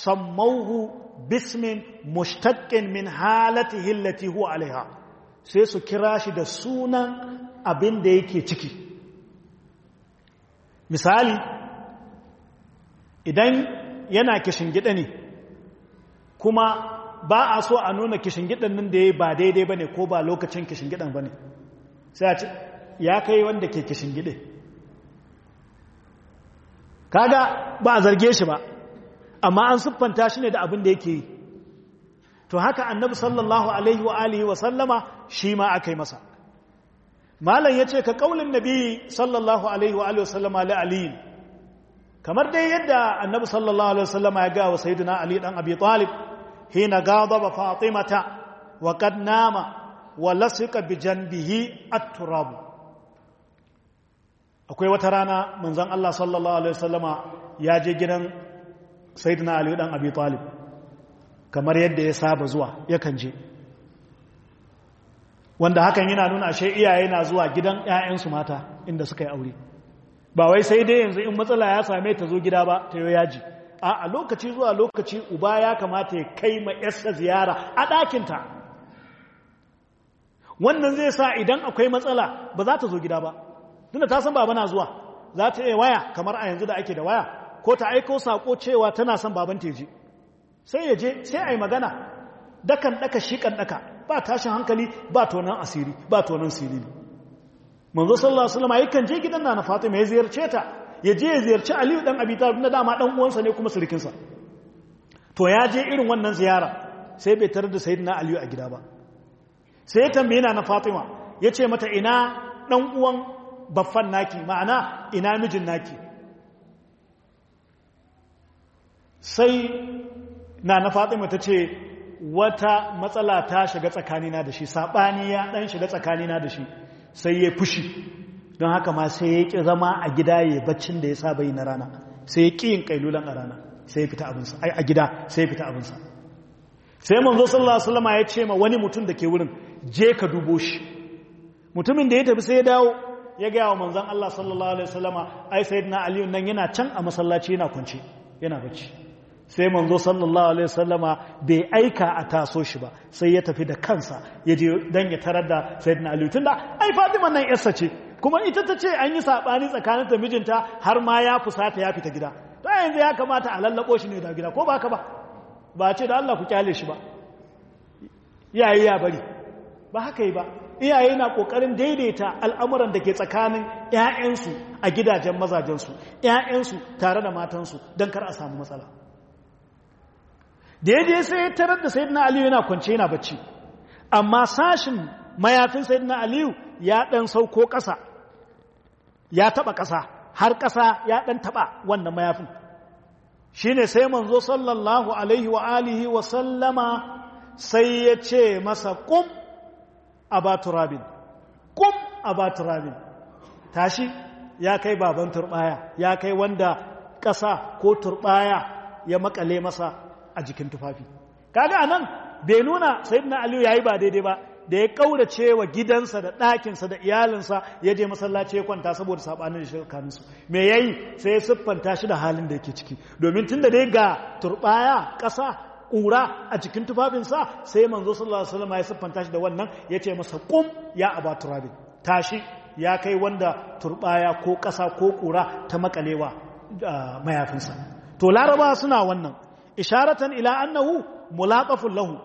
sammauhu bismin mushtaqqin min halatihi allati huwa alaiha sai su kira shi da sunan abin da yake ciki misali idan yana kishin gida ne kuma ba a so a nuna kishingidan nan da ya ba daidai ba ne ko ba lokacin kishingidan ba ne sai a ce ya kai wanda ke kishingide kaga ba a zarge shi ba amma an siffanta shi ne da abin da yake yi to haka annabi sallallahu alaihi wa alihi wa sallama shi ma aka yi masa malam ya ce ka kaulin nabi sallallahu alaihi wa alihi wa sallama la ali kamar dai yadda annabi sallallahu alaihi wa sallama ya ga wa sayyidina ali dan abi talib hina ghadaba fatimata wa qad nama wa lasika bi janbihi at-turab akwai wata rana manzon Allah sallallahu alaihi wa sallama ya je gidan sayyidina ali dan abi talib kamar yadda ya saba zuwa yakan je wanda hakan yana nuna ashe iyaye na zuwa gidan 'ya'yansu mata inda suka yi aure ba wai sai dai yanzu in matsala ya same ta zo gida ba ta yi yaji a lokaci zuwa lokaci uba ya kamata ya kai ma yarsa ziyara a ɗakinta wannan zai sa idan akwai matsala ba za ta zo gida ba tunda ta san baba na zuwa za ta iya waya kamar a yanzu da ake da waya ko ta aiko saƙo cewa tana son baban je. sai ya je sai a yi magana dakan daka shi kan daka ba tashin hankali ba tonan asiri ba tonan sirili manzo sallallahu alaihi wasallam yakan je gidan nana fatima ya ziyarce ta ya je ya ziyarci aliyu dan abi talib na dama dan uwansa ne kuma surikin sa to ya je irin wannan ziyara sai bai tarar da sayyidina aliyu a gida ba sai ya tambaye nana fatima ya ce mata ina dan uwan baffan naki ma'ana ina mijin naki sai na na fatima ta ce wata matsala ta shiga tsakanina da shi saɓani ya ɗan shiga tsakanina da shi sai ya fushi don haka ma sai ya ƙi zama a gida ya baccin da ya saba yi na rana sai ya ƙi yin ƙailulan a rana sai ya fita abinsa ai a gida sai ya fita abinsa sai manzo sallallahu alaihi wasallam ya ce ma wani mutum da ke wurin je ka dubo shi mutumin da ya tafi sai ya dawo ya ga wa manzon Allah sallallahu alaihi wasallama ai sayyidina Ali nan yana can a masallaci yana kwance yana bacci sai manzo sallallahu alaihi wasallama bai aika a taso shi ba sai ya tafi da kansa ya je dan ya tarar da sayyidina ali tunda ai fatima nan yarsa ce kuma ita ta ce an yi sabani tsakanin ta mijinta har ma ya fusata ya fita gida to yanzu ya kamata a lallabo shi ne da gida ko ba ka ba ba ce da Allah ku kyale shi ba iyaye ya bari ba haka yi ba iyaye na kokarin daidaita al'amuran da ke tsakanin 'ya'yansu a gidajen mazajensu 'ya'yansu tare da matansu dan kar a samu matsala da ya sai ya tarar da sayidina aliyu yana kwance yana bacci amma sashin mayafin sayidina aliyu ya dan sauko ƙasa ya taba ƙasa har ƙasa ya dan taba wannan mayafin shine sai manzo sallallahu alaihi wa alihi wa sallama sai ya ce masa kum abaturabin kum abaturabin tashi ya kai baban turbaya ya kai wanda ƙasa ko turbaya ya makale masa a jikin tufafi kaga anan bai nuna sayyidina aliyu yayi ba daidai ba da ya kaurace wa gidansa da ɗakinsa da iyalinsa ya je masallaci ya kwanta saboda sabanin da shirkaninsu me yayi sai ya siffanta shi da halin da yake ciki domin tun da dai ga turbaya ƙasa ƙura a cikin tufafinsa sai manzo sallallahu alaihi wasallam ya siffanta shi da wannan ya ce masa ya aba turabi tashi ya kai wanda turbaya ko ƙasa ko ƙura ta makalewa ah, mayafinsa to laraba suna wannan isharatan ila annahu mulaqafun lahu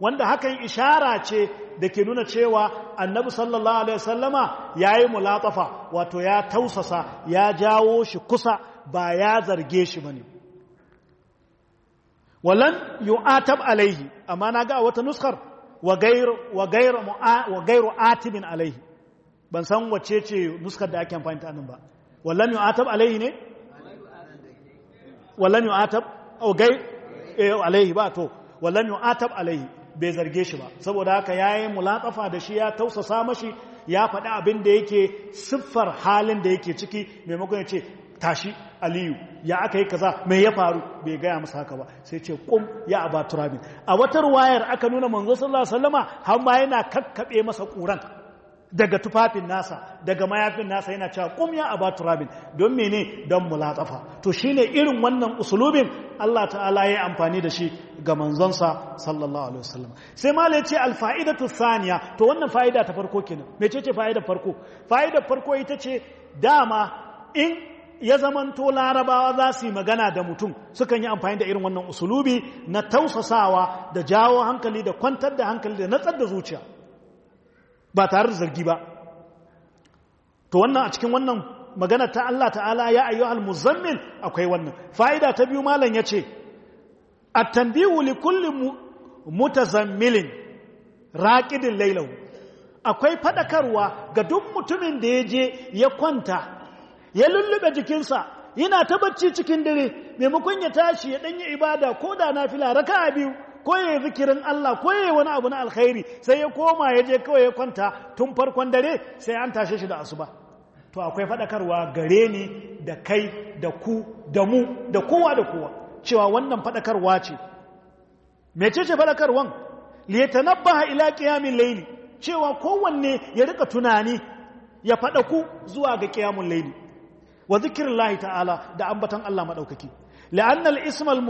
wanda hakan ishara ce da ke nuna cewa annabi sallallahu alaihi wasallama ya yi mulatafa wato ya tausasa ya jawo shi kusa ba ya zarge shi ba ne walan yu'atab alaihi amma na ga wata nuskar wa gairu atibin alaihi ban san wace ce nuskar da ake amfani ta nan ba wallan yu'atab alaihi ne Walan yu'atab au gai Eh, alaihi ba to wallan atab alaihi bai zarge shi ba saboda haka ya yi mulatafa da shi ya tausasa mashi ya faɗi abin da yake siffar halin da yake ciki maimakon ya ce tashi aliyu ya aka yi kaza mai ya faru bai gaya masa haka ba sai ce kum ya aba a watar wayar aka nuna manzo sallallahu alaihi wasallama har ma yana kakkaɓe masa ƙuran. daga tufafin nasa daga mayafin nasa yana cewa kum ya baturabin don mene don mulatafa to shine irin wannan usulubin Allah ta'ala ya yi amfani da shi ga manzonsa sallallahu alaihi wasallam sai ma ya ce alfa'idatu thaniya to wannan fa'ida ta farko kenan ce? fa'idar farko fa'idar farko ita ce dama in ya zamanto larabawa za su yi magana da mutum sukan yi amfani da irin wannan usulubi na tausasawa da jawo hankali da kwantar da hankali da natsar da zuciya ba tare da zargi ba to wannan a cikin wannan magana ta Allah ta'ala ya al muzammil akwai wannan fa'ida ta biyu malam yace at-tanbihu li kulli mutazammilin raqidin laylahu akwai fadakarwa ga duk mutumin da ya je ya kwanta ya lullube jikinsa yana ta bacci cikin dare maimakon ya tashi ya danyi ibada ko da nafila raka'a biyu ko ya zikirin Allah ko ya wani abu na alkhairi sai ya koma ya je kawai ya kwanta tun farkon dare sai an tashe shi da asuba to akwai faɗakarwa gare ni da kai da ku da mu da kowa da kowa cewa wannan faɗakarwa ce mece ce faɗakarwan liyatanabbaha ila qiyamil layli cewa kowanne ya rika tunani ya ku zuwa ga qiyamul layli wa zikrillahi ta'ala da ambatan Allah madaukaki la'anna al-isma al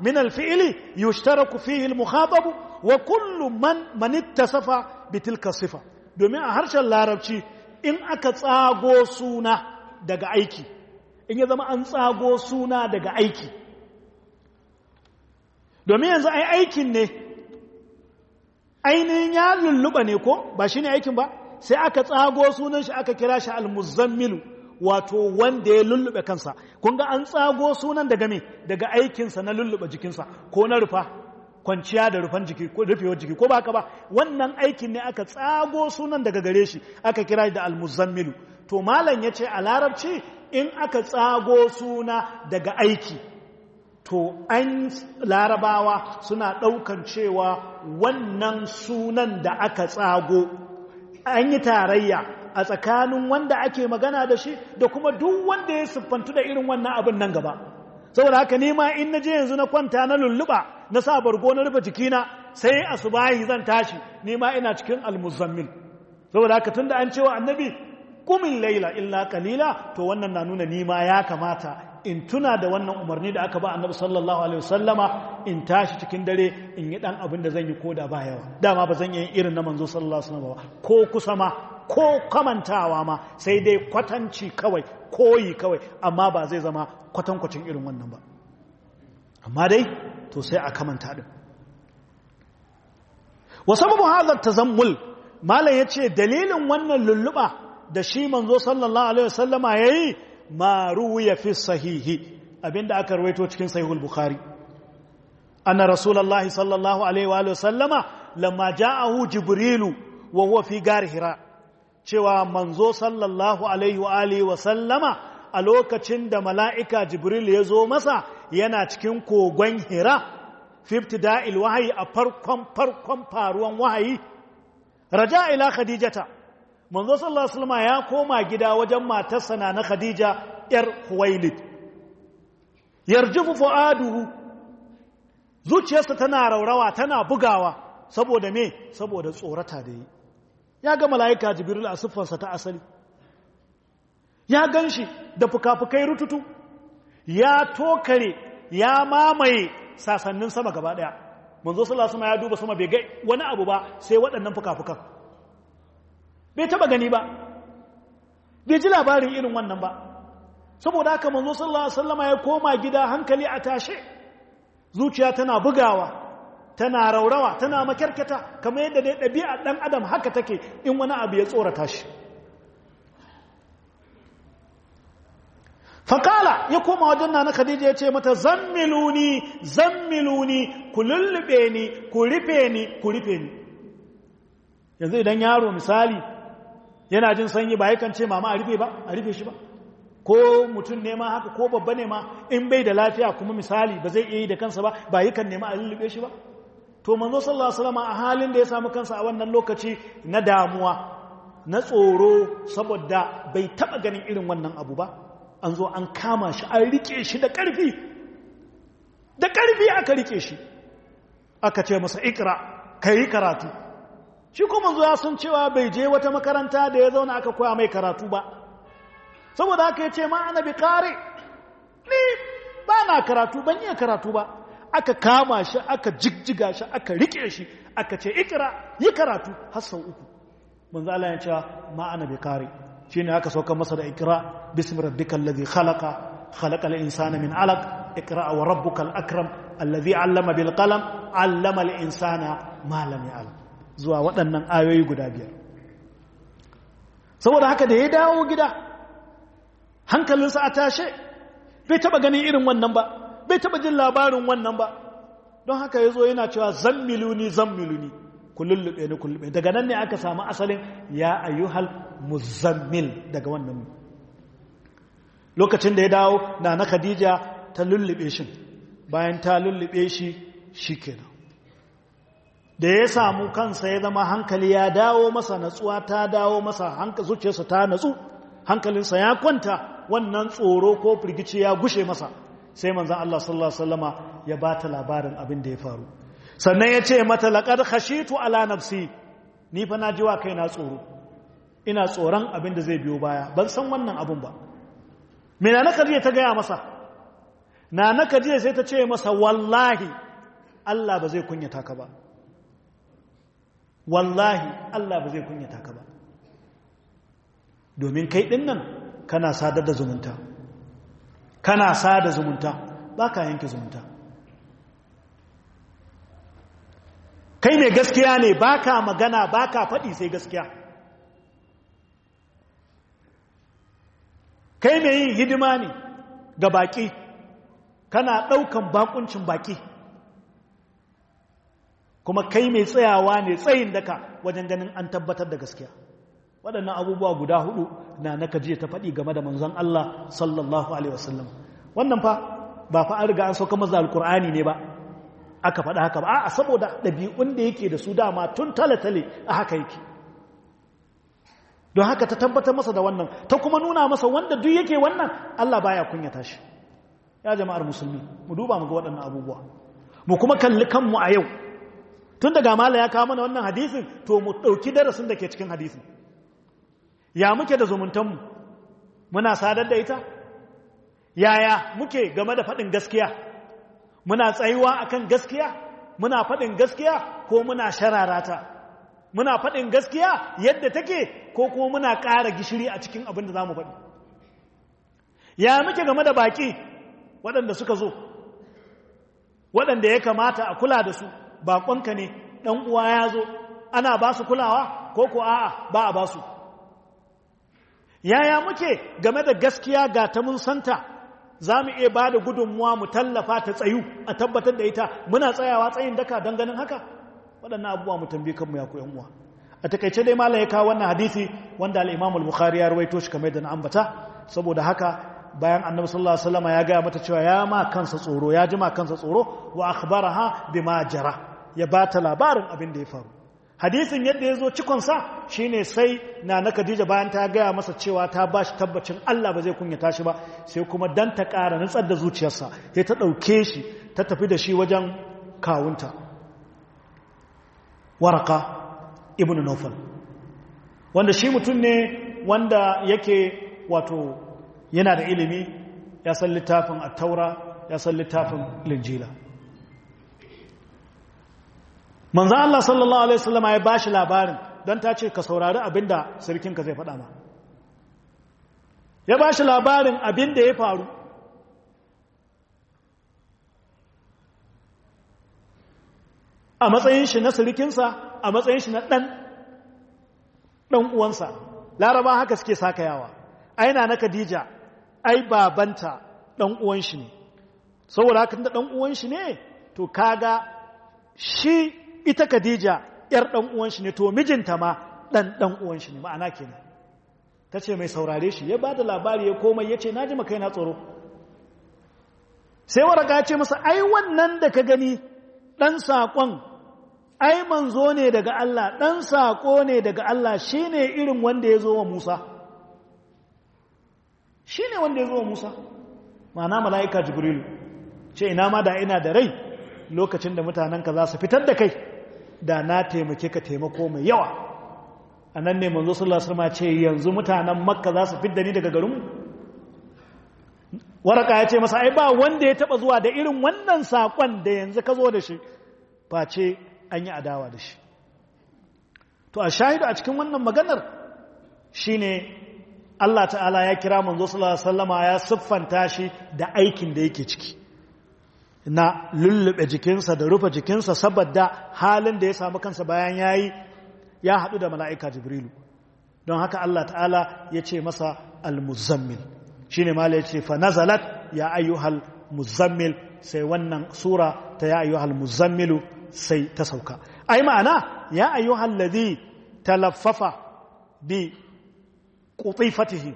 من الفعل يشترك فيه المخاطب وكل من من اتصف بتلك الصفة domin a harshen larabci in aka tsago suna daga aiki in ya zama an tsago suna daga aiki domin yanzu ai aikin ne ainihin ya lulluɓa ne ko ba shi ne aikin ba sai aka tsago sunan shi aka kira shi almuzammilu wato wanda ya lullube kansa kun ga an tsago sunan daga me daga aikinsa na lullube jikinsa ko na rufa kwanciya da rufan jiki ko rufewar jiki ko ba ba wannan aikin ne aka tsago sunan daga gare shi aka kira da almuzammilu to malam ya ce a larabci in aka tsago suna daga aiki to an larabawa suna ɗaukan cewa wannan sunan da aka tsago an yi tarayya a tsakanin wanda ake magana da shi da kuma duk wanda ya siffantu da irin wannan abin nan gaba saboda haka nema in na je yanzu na kwanta na lulluɓa na sa bargo na rufe jikina sai a subahi zan tashi nema ina cikin almuzammil saboda haka tunda an cewa annabi kumin laila illa kalila to wannan na nuna nima ya kamata in tuna da wannan umarni da aka ba annabi sallallahu alaihi wasallama in tashi cikin dare in yi dan abin da zan yi koda ba yawa dama ba zan yi irin na manzo sallallahu alaihi ba ko kusa ma ko kamantawa ma sai dai kwatanci kawai koyi kawai amma ba zai zama kwatankwacin irin wannan ba amma dai to sai a kamanta din wa sababu hadha tazammul malam yace dalilin wannan lulluɓa da shi manzo sallallahu alaihi wasallama yayi ma ya fi sahihi abinda aka rawaito cikin sahihul bukhari anna rasulullahi sallallahu alaihi wa sallama lamma ja'ahu jibrilu wa huwa fi gar hira cewa manzo sallallahu alaihi wa alihi wa sallama a lokacin da mala'ika jibril ya zo masa yana cikin kogon hira fifti da'il wahayi a farkon farkon faruwan wahayi raja ila khadijata manzo sallallahu alaihi wa ya koma gida wajen matarsa na khadija yar huwailid yarjufu fu'aduhu zuciyarsa tana raurawa tana bugawa saboda me saboda tsorata da yi ya ga mala'ika jibril a siffarsa ta asali ya gan shi da fuka-fukai rututu ya tokare ya mamaye sasannin sama gaba ɗaya manzo sallah sama ya duba sama bai ga wani abu ba sai waɗannan fuka-fukan bai taɓa gani ba bai ji labarin irin wannan ba saboda haka manzo sallallahu Sallama ya koma gida hankali a tashe zuciya tana bugawa tana raurawa tana makarkata kamar yadda dai ɗabi'a ɗan adam haka take in wani abu ya tsorata shi fakala ya koma wajen Nana khadija ya ce mata zammiluni zammiluni ku lullube ni ku rufe ni ku rufe ni yanzu idan yaro misali yana jin sanyi ba yakan ce mama a rufe ba a rufe shi ba ko mutum ne ma haka ko babba ne ma in bai da lafiya kuma misali ba zai iya yi da kansa ba ba yakan nema a lullube shi ba to manzo sallallahu alaihi wasallam a halin da ya samu kansa a wannan lokaci na damuwa na tsoro saboda bai taba ganin irin wannan abu ba an zo an kama shi an rike shi da karfi da karfi aka rike shi aka ce masa ikra kai karatu shi kuma manzo ya san cewa bai je wata makaranta da ya zauna aka koya mai karatu ba saboda aka ya ce ma annabi kare ni ba na karatu ban iya karatu ba aka kama shi aka jijjiga shi aka rike shi aka ce ikira yi karatu har sau uku manzo Allah ya ce ma'ana bi kare shine aka sauka masa da ikira bismi rabbikal ladhi khalaqa khalaqal insana min alaq ikra wa rabbukal akram alladhi 'allama bil qalam 'allama al insana ma lam ya'lam zuwa waɗannan ayoyi guda biyar saboda haka da ya dawo gida hankalinsa a tashe bai taba ganin irin wannan ba bai taba jin labarin wannan ba don haka ya zo yana cewa zan miluni. ku lullube ni ku lullube daga nan ne aka samu asalin ya ayyuhal muzammil daga wannan lokacin da ya dawo na na khadija ta lullube shi bayan ta lullube shi shi kenan da ya samu kansa ya zama hankali ya dawo masa natsuwa ta dawo masa zuciyarsa ta natsu hankalinsa ya kwanta wannan tsoro ko firgici ya gushe masa sai manzan Allah sallallahu alaihi wasallama ya ba ta labarin abin da ya faru sannan ya ce mata lakar hashitu ala nafsi ni fa na jiwa na tsoro ina tsoron abin da zai biyo baya ban san wannan abun ba me na jiya ta gaya masa na naka jiya sai ta ce masa wallahi Allah ba zai kunyata ka ba wallahi Allah ba zai kunyata ka ba domin kai ɗin nan kana sadar da zumunta kana sada zumunta ba ka yanke zumunta kai mai gaskiya ne ba ka magana ba ka faɗi sai gaskiya kai mai yin hidima ne ga baƙi kana ɗaukan baƙuncin baƙi kuma kai mai tsayawa ne tsayin daka wajen ganin an tabbatar da gaskiya waɗannan abubuwa guda hudu na naka jiya ta faɗi game da manzan Allah sallallahu alaihi wasallam wannan fa ba fa an riga an sauka maza alkur'ani ne ba aka faɗa haka ba a'a saboda ɗabi'un da yake da su dama tun tale-tale a haka yake don haka ta tabbatar masa da wannan ta kuma nuna masa wanda duk yake wannan Allah baya kunyata shi ya jama'ar musulmi mu duba mu ga waɗannan abubuwa mu kuma kalli kanmu a yau tun daga mala ya kawo mana wannan hadisin to mu ɗauki darasin da ke cikin hadisin ya muke da zumuntanmu muna sadar da ita yaya muke game da faɗin gaskiya muna tsayuwa akan gaskiya muna faɗin gaskiya ko muna shararata muna faɗin gaskiya yadda take ko kuma muna ƙara gishiri a cikin abin da za mu faɗi ya muke game da baƙi waɗanda suka zo waɗanda ya kamata a kula da su baƙonka ne ɗan uwa ya zo ana ba su kulawa ko ko a'a ba a ba su yaya muke game da gaskiya ga ta mun santa za mu iya ba da gudunmuwa mu tallafa ta tsayu a tabbatar da ita muna tsayawa tsayin daka don ganin haka waɗannan abubuwa mu tambi mu ya koyan uwa a takaice dai malam ya kawo wannan hadisi wanda al'imamul bukhari ya rawaito shi kamar da na ambata saboda haka bayan annabi sallallahu alaihi wasallam ya ga mata cewa ya ma kansa tsoro ya ji ma kansa tsoro wa akhbaraha bima jara ya bata labarin abin da ya faru hadisin yadda ya zo cikonsa shi ne sai na na Khadija bayan ta gaya masa cewa ta ba shi tabbacin Allah ba zai kunyata shi ba sai kuma dan ta ƙara nutsar da zuciyarsa sai ta ɗauke shi ta tafi da shi wajen kawunta waraka ibn Nufal wanda shi mutum ne wanda yake wato yana da ilimi ya san littafin attaura taura ya san littafin linjila manzan Allah sallallahu Alaihi wasallama ya bashi labarin don ta ce ka saurari abinda sarkinka zai faɗa ma ya bashi labarin abinda ya faru a matsayin shi na sirkinsa a matsayin shi na ɗan ɗan uwansa laraba haka suke saka yawa aina na Khadija ai babanta ɗan uwan shi ne saboda haka ɗan uwan shi ne to kaga shi ita Khadija ‘yar ɗan uwan shi ne to mijinta ma ɗan shi ne ma'ana kenan ta ce mai saurare shi ya ba da labari ya komai ya ce na ji makai na tsoro sai waraka ce masa ai wannan da ka gani ɗan saƙon ai manzo ne daga Allah ɗan saƙo ne daga Allah shi ne irin wanda ya zo wa Musa shi ne wanda ya zo wa Musa ma'ana mala'ika jibrilu ce ina ma da ina da rai lokacin da mutanenka za su fitar da kai da na taimake ka taimako mai yawa a nan ne manzo sallallahu alaihi ce yanzu mutanen makka za su fidda ni daga garin waraka ya ce masa ai ba wanda ya taba zuwa da irin wannan sakon da yanzu ka zo da shi Ba ce an yi adawa da shi to a shahidu a cikin wannan maganar shi ne Allah ta'ala ya kira manzo sallallahu alaihi ya siffanta shi da aikin da yake ciki na lullube jikinsa da rufe jikinsa saboda halin da ya samu kansa bayan yayi ya haɗu da mala'ika jibrilu don haka Allah ta'ala ya ce masa al-muzammil shi ne mala ya ce fa nazalat ya ayyuhal muzammil sai wannan sura ta ya ayyuhal muzammilu sai ta sauka ai ma'ana ya ayyuhal ladhi talaffafa bi qutifatihi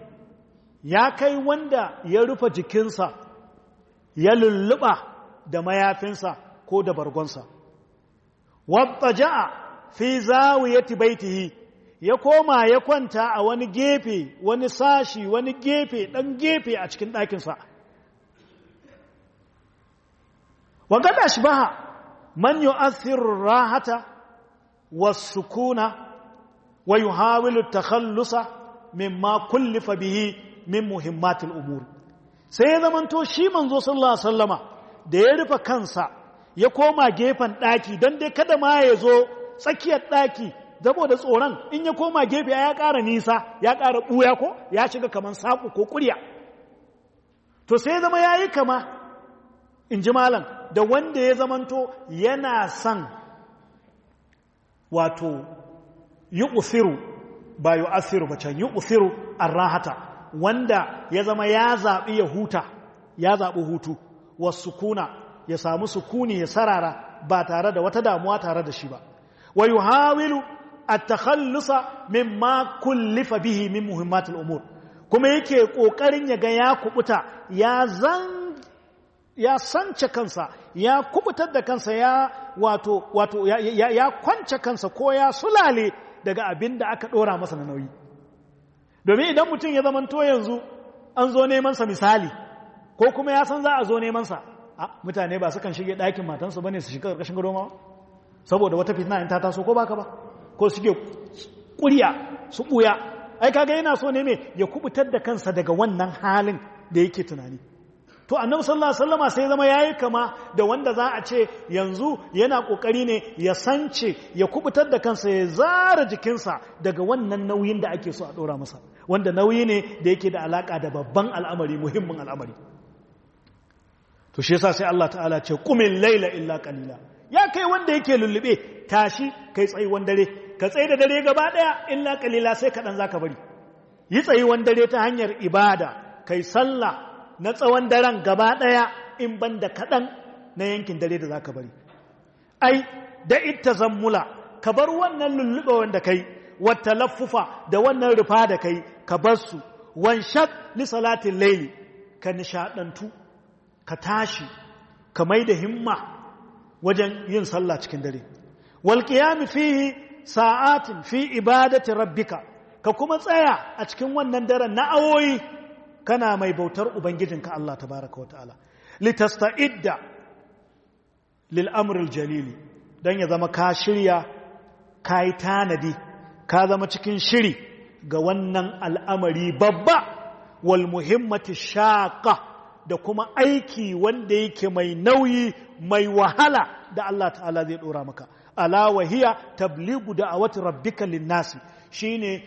ya kai wanda ya rufe jikinsa ya lulluba da mayafinsa ko da bargonsa wabtaja'a fi zawiyati baitihi ya koma ya kwanta a wani gefe wani sashi wani gefe ɗan gefe a cikin ɗakinsa wa shi baha man yu'athiru rahata was-sukuna wa yuhawilu takhallusa mimma kullifa bihi min muhimmatul umur sai ya zamanto shi manzo sallallahu alaihi wasallama da ya rufe kansa ya koma gefen ɗaki don dai kada ma ya zo tsakiyar ɗaki saboda tsoron in ya koma gefe ya ƙara nisa ya ƙara ɓuya ko ya shiga kamar saƙo ko ƙurya to sai zama ya yi kama in ji malam da wanda ya zamanto yana son wato yi usiru ba yi asiru ba can yi usiru an rahata wanda ya zama ya zaɓi ya huta ya zaɓi hutu wasukuna ya samu sukuni ya sarara ba tare da wata damuwa tare da shi ba wa yuhawilu at-takhallusa mimma kullifa bihi min muhimmatil umur kuma yake kokarin ya ga ya kubuta ya zan ya sance kansa ya kubutar da kansa ya wato wato ya, kwance kansa ko ya sulale daga abin da aka dora masa na nauyi domin idan mutum ya zamanto yanzu an zo neman sa misali ko kuma ya san za a zo neman sa mutane ba sukan shige ɗakin matansu bane su shiga ƙarƙashin gado ma saboda wata fitna in ta taso ko baka ba ko suke ƙuriya su ɓuya ai kaga yana so ne me ya kubutar da kansa daga wannan halin da yake tunani to annabi sallallahu alaihi sallama sai zama yayi kama da wanda za a ce yanzu yana kokari ne ya sance ya kubutar da kansa ya zara jikinsa daga wannan nauyin da ake so a ɗora masa wanda nauyi ne da yake da alaka da babban al'amari muhimmin al'amari to shi yasa sai Allah ta'ala ce qumil laila illa qalila ya kai wanda yake lullube tashi kai tsayuwan dare ka tsayi da dare gaba daya illa qalila sai kaɗan zaka bari yi tsayuwan dare ta hanyar ibada kai sallah na tsawon daren gaba daya in banda kaɗan na yankin dare da zaka bari ai da ittazammula zammula ka bar wannan lullube wanda kai wata laffufa da wannan rufa da kai ka bar su shak li salatin layli ka nishadantu ka tashi ka mai da himma wajen yin sallah cikin dare Walƙiyami qiyam sa'atin fi ibadati rabbika ka kuma tsaya a cikin wannan daren na awoyi kana mai bautar ubangijinka Allah tabaraka wa litasta'idda lil amril jalili dan ya zama ka shirya ka yi tanadi ka zama cikin shiri ga wannan al'amari babba wal muhimmati shaƙa. da kuma aiki wanda yake mai nauyi mai wahala da Allah ta'ala zai ɗora maka ala wahiya tabligu da awati rabbika linnasi shine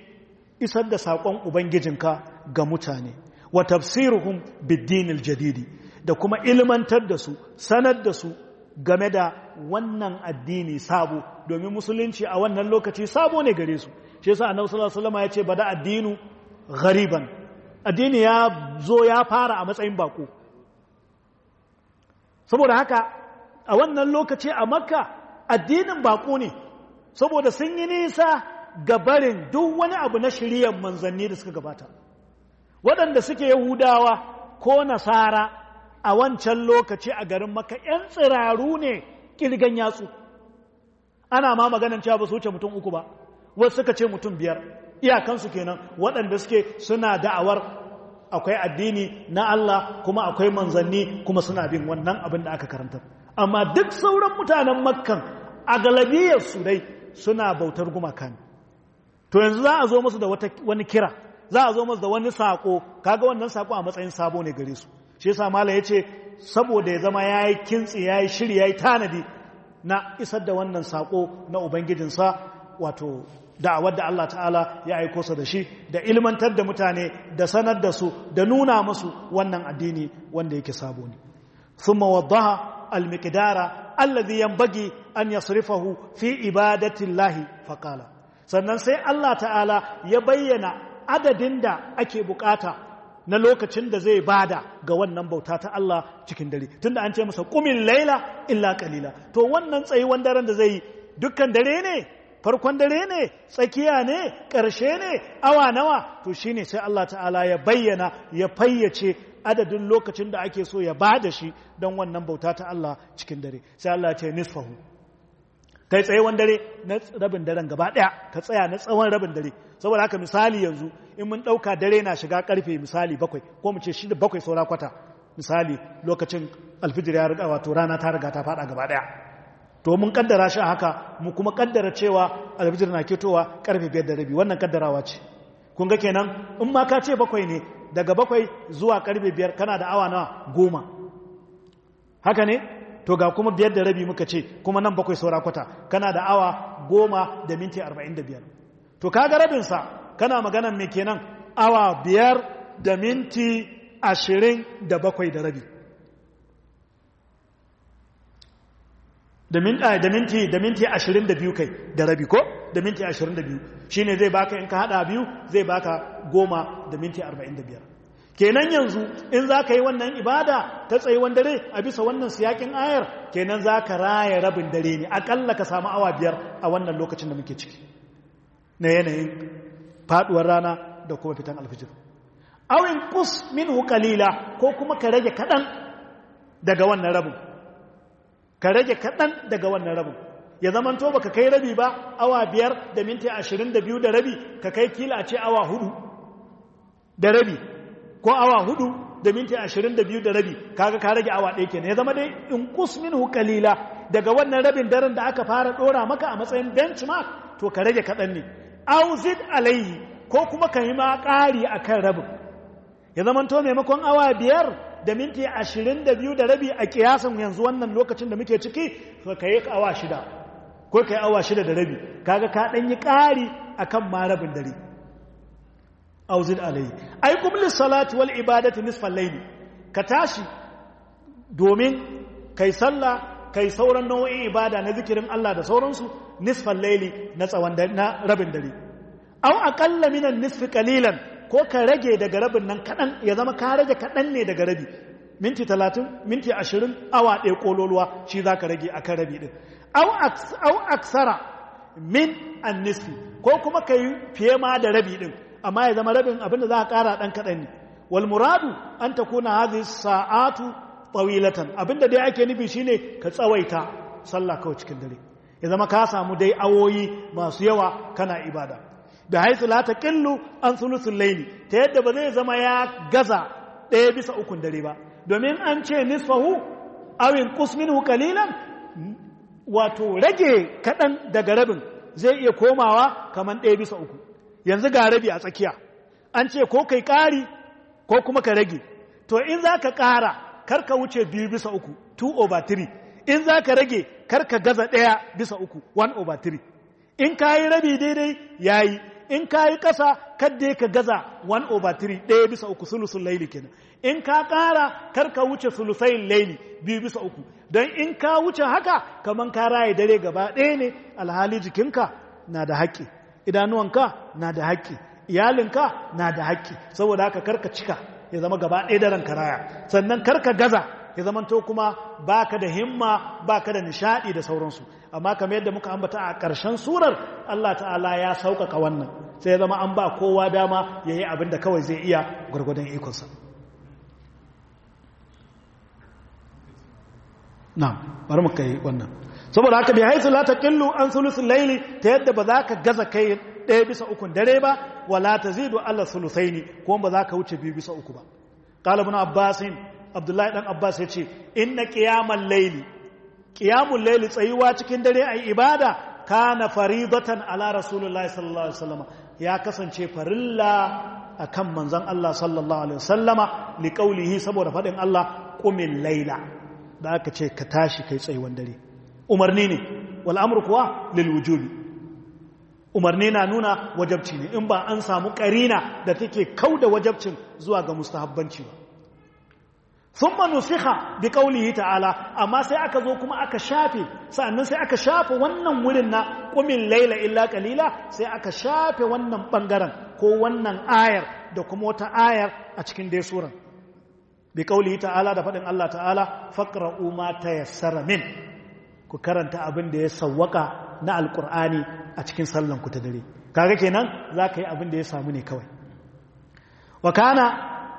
isar da saƙon ubangijinka ga mutane wa tafsiruhum biddinil jadidi da kuma ilmantar da su sanar da su game da wannan addini sabo domin musulunci a wannan lokaci sabo ne gare su shi yasa annabi sallallahu alaihi wasallam ya ce bada addinu ghariban addini ya zo ya fara a matsayin bako saboda haka a wannan lokaci a makka addinin bako ne saboda sun yi nisa ga barin duk wani abu na shiriyar manzanni da suka gabata waɗanda suke yahudawa ko nasara a wancan lokaci a garin makka 'yan tsiraru ne ƙirgan yatsu ana ma maganin cewa ba su wuce mutum uku ba wasu suka ce mutum biyar iyakansu kenan waɗanda suke suna da'awar akwai addini na Allah kuma akwai manzanni kuma suna bin wannan abin da aka karanta amma duk sauran mutanen makkan a galabiyarsu dai suna bautar gumaka ne to yanzu za a zo musu da wani kira za a zo musu da wani sako kaga wannan sako a matsayin sabo ne gare su shi yasa malam yace saboda ya zama yayi kintsi yayi shiri yayi tanadi na isar da wannan sako na ubangijinsa wato da wadda Allah ta'ala ya aiko sa da shi da ilmantar da mutane da sanar da su da nuna musu wannan addini wanda yake sabo ne thumma waddaha al-miqdara alladhi yanbaghi an yasrifahu fi ibadati Allah faqala sannan sai Allah ta'ala ya bayyana adadin da ake bukata na lokacin da zai bada ga wannan bauta ta Allah cikin dare tunda an ce masa qumil laila illa qalila to wannan tsayi, tsayuwan daren da zai yi dukkan dare ne farkon dare ne tsakiya ne ƙarshe ne awa nawa to shi ne sai Allah ta'ala ya bayyana ya fayyace adadin lokacin da ake so ya ba da shi don wannan bauta ta Allah cikin dare sai Allah ce nisfahu kai tsaye wani dare na rabin daren gaba ɗaya ka tsaya na tsawon rabin dare saboda haka misali yanzu in mun ɗauka dare na shiga ƙarfe misali bakwai ko mu ce shi da bakwai saura kwata misali lokacin alfijir ya riga wato rana ta riga ta faɗa gaba ɗaya to mun kaddara shi haka mu kuma kaddara cewa alfijir na ketowa karfe biyar da rabi wannan kaddarawa ce kun ga kenan in ma ka ce bakwai ne daga bakwai zuwa karfe biyar kana da awa na goma haka ne to ga kuma biyar da rabi muka ce kuma nan bakwai saura kwata kana da awa goma da minti arba'in da biyar to kaga rabinsa kana maganan me kenan awa biyar da minti ashirin da bakwai da rabi Eh, da minti da minti 22 kai da rabi ko da minti 22 shine zai baka in ka hada biyu zai baka goma da minti 45 kenan yanzu in za ka yi wannan ibada ta tsayuwan dare a bisa wannan siyakin ayar kenan za ka raya rabin dare ne akalla ka samu awa biyar a wannan lokacin da muke ciki na yanayin faduwar rana da kuma fitan alfijir awin kus min hukalila ko kuma ka rage kaɗan daga wannan rabin ka rage kaɗan daga wannan rabin ya zamanto baka kai rabi ba awa biyar da minti ashirin da biyu da rabi ka kai kila ce awa hudu da rabi ko awa hudu da minti ashirin da biyu da rabi kaga ka rage awa ɗaya kenan ya zama dai in kusmin hukalila daga wannan rabin daren da aka fara ɗora maka a matsayin benchmark to ka rage kaɗan ne auzid alayhi ko kuma ka yi ma ƙari a kan rabin ya zamanto maimakon awa biyar da minti ashirin da biyu da rabi a kiyasan yanzu wannan lokacin da muke ciki ka yi awa shida ko ka yi awa shida da rabi kaga ka ɗan yi ƙari a kan ma rabin dare auzid alayhi ai kuma salati wal ibadati nisfan laili ka tashi domin kai sallah kai sauran nau'in ibada na zikirin Allah da sauransu nisfan laili na tsawon na rabin dare au aqalla minan nisfi qalilan ko ka rage daga rabin nan kaɗan ya zama ka rage kaɗan ne daga rabi minti talatin minti ashirin awa ɗaya ƙololuwa shi za ka rage a kan rabi ɗin au aksara min annisfi ko kuma ka yi fiye ma da rabi ɗin amma ya zama rabin abin da za a ƙara ɗan kaɗan ne wal muradu an ta kuna hazi sa'atu tsawilatan abin da dai ake nufi shine ka tsawaita sallah kawai cikin dare ya zama ka samu dai awoyi masu yawa kana ibada da haisu la ta an sulusun laini ta yadda ba zai zama ya gaza ɗaya bisa ukun dare ba domin an ce nisfahu awin kusminu kalilan wato rage kaɗan daga rabin zai iya komawa kamar ɗaya bisa uku yanzu ga rabi a tsakiya an ce ko kai ƙari ko kuma ka rage to in za ka ƙara kar ka wuce biyu bisa uku 2 over 3 in za ka rage kar ka gaza ɗaya bisa uku 1 over 3 in ka yi rabi daidai ya yi in ka yi ƙasa kadda ka gaza 1 over 3 ɗaya bisa uku sulusun laili kenan in ka ƙara kar ka wuce sulusai laili biyu bisa uku don in ka wuce haka kamar ka raye dare gaba ɗaya ne alhali jikinka na da haƙƙi idanuwanka na da haƙƙi iyalinka na da haƙƙi saboda haka karka cika ya zama gaba ɗaya daren ka raya. sannan karka gaza ya zamanto kuma baka da himma baka da nishadi da sauransu amma kamar yadda muka ambata a ƙarshen surar Allah ta'ala ya sauƙaƙa wannan sai ya zama an ba kowa dama ya yi abin da kawai zai iya gwargwadon ikonsa na bari muka yi wannan saboda haka bai haisu lata ƙillu an sulusun laili ta yadda ba za ka gaza kai ɗaya bisa ukun dare ba wala ta zidu Allah sulusaini kuma ba za ka wuce biyu bisa uku ba ƙalibin abbasin abdullahi dan abbas ya ce inna qiyamal layli qiyamul layli tsayuwa cikin dare ai ibada kana faridatan ala rasulullahi sallallahu alaihi wasallam ya kasance farilla akan manzon Allah sallallahu alaihi wasallama liqaulihi saboda faɗin Allah qumil laila. da aka ce ka tashi kai tsayuwan dare umarni ne wal amru kuwa lil wujubi umarni na nuna wajabci ne in ba an samu karina da take kau da wajabcin zuwa ga mustahabbanci ba sun nusiha bi ƙaunihi ta'ala amma sai aka zo kuma aka shafe sa'annan sai aka shafe wannan wurin na ƙumin laila illa Kalila, sai aka shafe wannan ɓangaren ko wannan ayar da kuma wata ayar a cikin dai suran bi ta'ala da faɗin Allah ta'ala faƙra'u ma ta yassara min ku karanta abin da ya sawwaka na alƙur'ani a cikin sallan ku ta dare kaga kenan za ka yi abin da ya samu ne kawai wa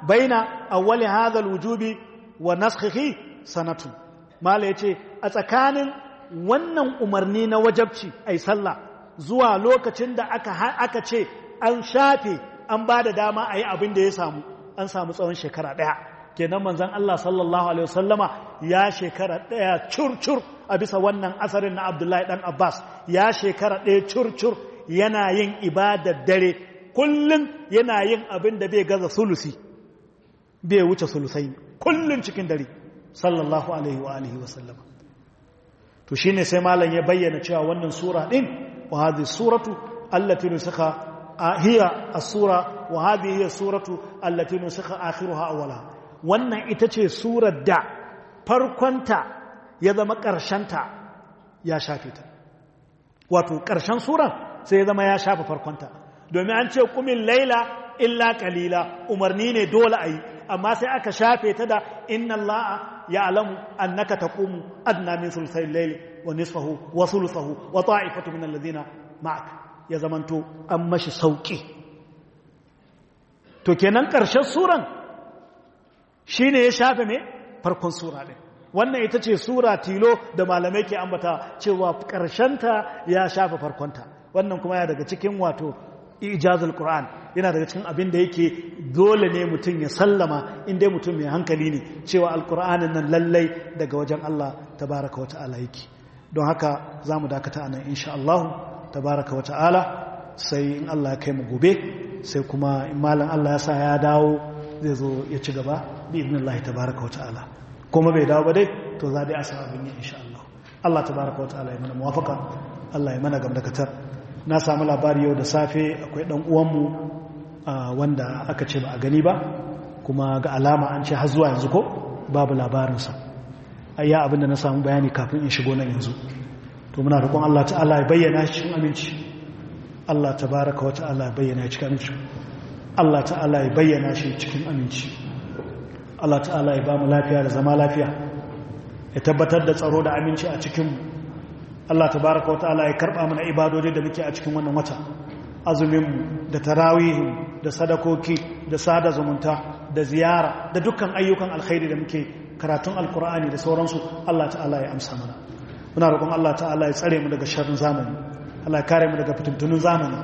baina awali hadha lujubi wa naskhihi sanatu mala yace a tsakanin wannan umarni na wajabci ai sallah zuwa lokacin da aka aka ce an shafe an ba da dama a yi abin da ya samu an samu tsawon shekara ɗaya kenan manzon Allah sallallahu alaihi wasallama ya shekara ɗaya curcur a bisa wannan asarin na Abdullahi ɗan Abbas ya shekara ɗaya curcur yana yin ibadar dare kullum yana yin abin da bai gaza sulusi bai wuce sulusai kullum cikin dare sallallahu alaihi wa alihi wa sallama to shine sai malam ya bayyana cewa wannan sura din wa hadhihi suratu allati nusakha hiya as-sura wa hadhihi hiya suratu allati nusakha akhiruha awwalaha wannan ita ce surar da farkonta ya zama ƙarshenta ya shafe ta wato karshen surar sai ya zama ya shafe farkonta domin an ce kumin laila illa kalila umarni ne dole a yi amma sai aka shafe ta da inna ya alamu annaka taqumu adna min thulthayil layl wa nisfahu wa thuluthahu wa ta'ifatu min alladhina ma'ak ya zamanto an mashi sauki to kenan karshen suran shine ya shafe me farkon sura din wannan ita ce sura tilo da malamai ke ambata cewa ta ya shafa farkonta wannan kuma ya daga cikin wato ijazul qur'an yana daga cikin abin da yake dole ne mutum ya sallama in dai mutum mai hankali ne cewa alqur'anin nan lallai daga wajen Allah tabaaraka wa ta'ala yake don haka zamu dakata anan insha Allah tabaaraka wa ta'ala sai in Allah ya kai mu gobe sai kuma in malam Allah ya sa ya dawo zai zo ya ci gaba bi Ibnullahi tabaaraka wa ta'ala kuma bai dawo ba dai to za dai a san abin insha Allah Allah tabaaraka wa ta'ala ya mana muwafaka Allah ya mana gamdakatar na samu labari yau da safe akwai ɗan uwanmu wanda aka ce ba a gani ba kuma ga alama an ce har zuwa yanzu ko babu labarinsa ayya abinda na samu bayani kafin in shigo nan yanzu to muna roƙon Allah ta'ala ya bayyana shi cikin aminci Allah tabaraka wa ta'ala ya bayyana shi cikin aminci Allah ta'ala ya bayyana shi cikin aminci Allah ta'ala ya ba mu lafiya da zama lafiya ya tabbatar da tsaro da aminci a cikin Allah tabaraka wa ta'ala ya karba mana ibadoji da muke a cikin wannan wata Azuminmu da tarawih da sadakoki da sada zumunta da ziyara da dukkan ayyukan alkhairi da muke karatun alkur'ani da sauransu Allah ta'ala ya amsa mana muna roƙon Allah ta'ala ya tsare mu daga sharrin zamani Allah ya kare mu daga fitintunun zamani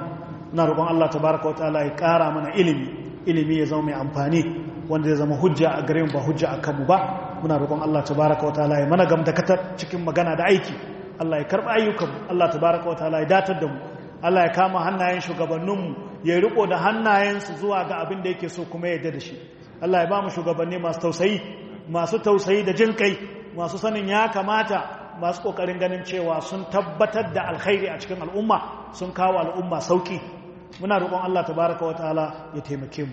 muna roƙon Allah tabaraka wa ta'ala ya ƙara mana ilimi ilimi ya zama mai amfani wanda ya zama hujja a gare mu ba hujja a kanmu ba muna roƙon Allah tabaraka wa ta'ala ya mana gamdakatar cikin magana da aiki Allah ya karɓa ayyukanmu Allah ta baraka wa ta'ala ya datar da mu Allah ya kama hannayen shugabanninmu ya riko da hannayensu zuwa ga abin da yake so kuma ya yarda da shi Allah ya ba mu shugabanni masu tausayi masu tausayi da jin kai masu sanin ya kamata masu kokarin ganin cewa sun tabbatar da alkhairi a cikin al'umma sun kawo al'umma sauki muna roƙon Allah ta baraka wa ta'ala ya taimake mu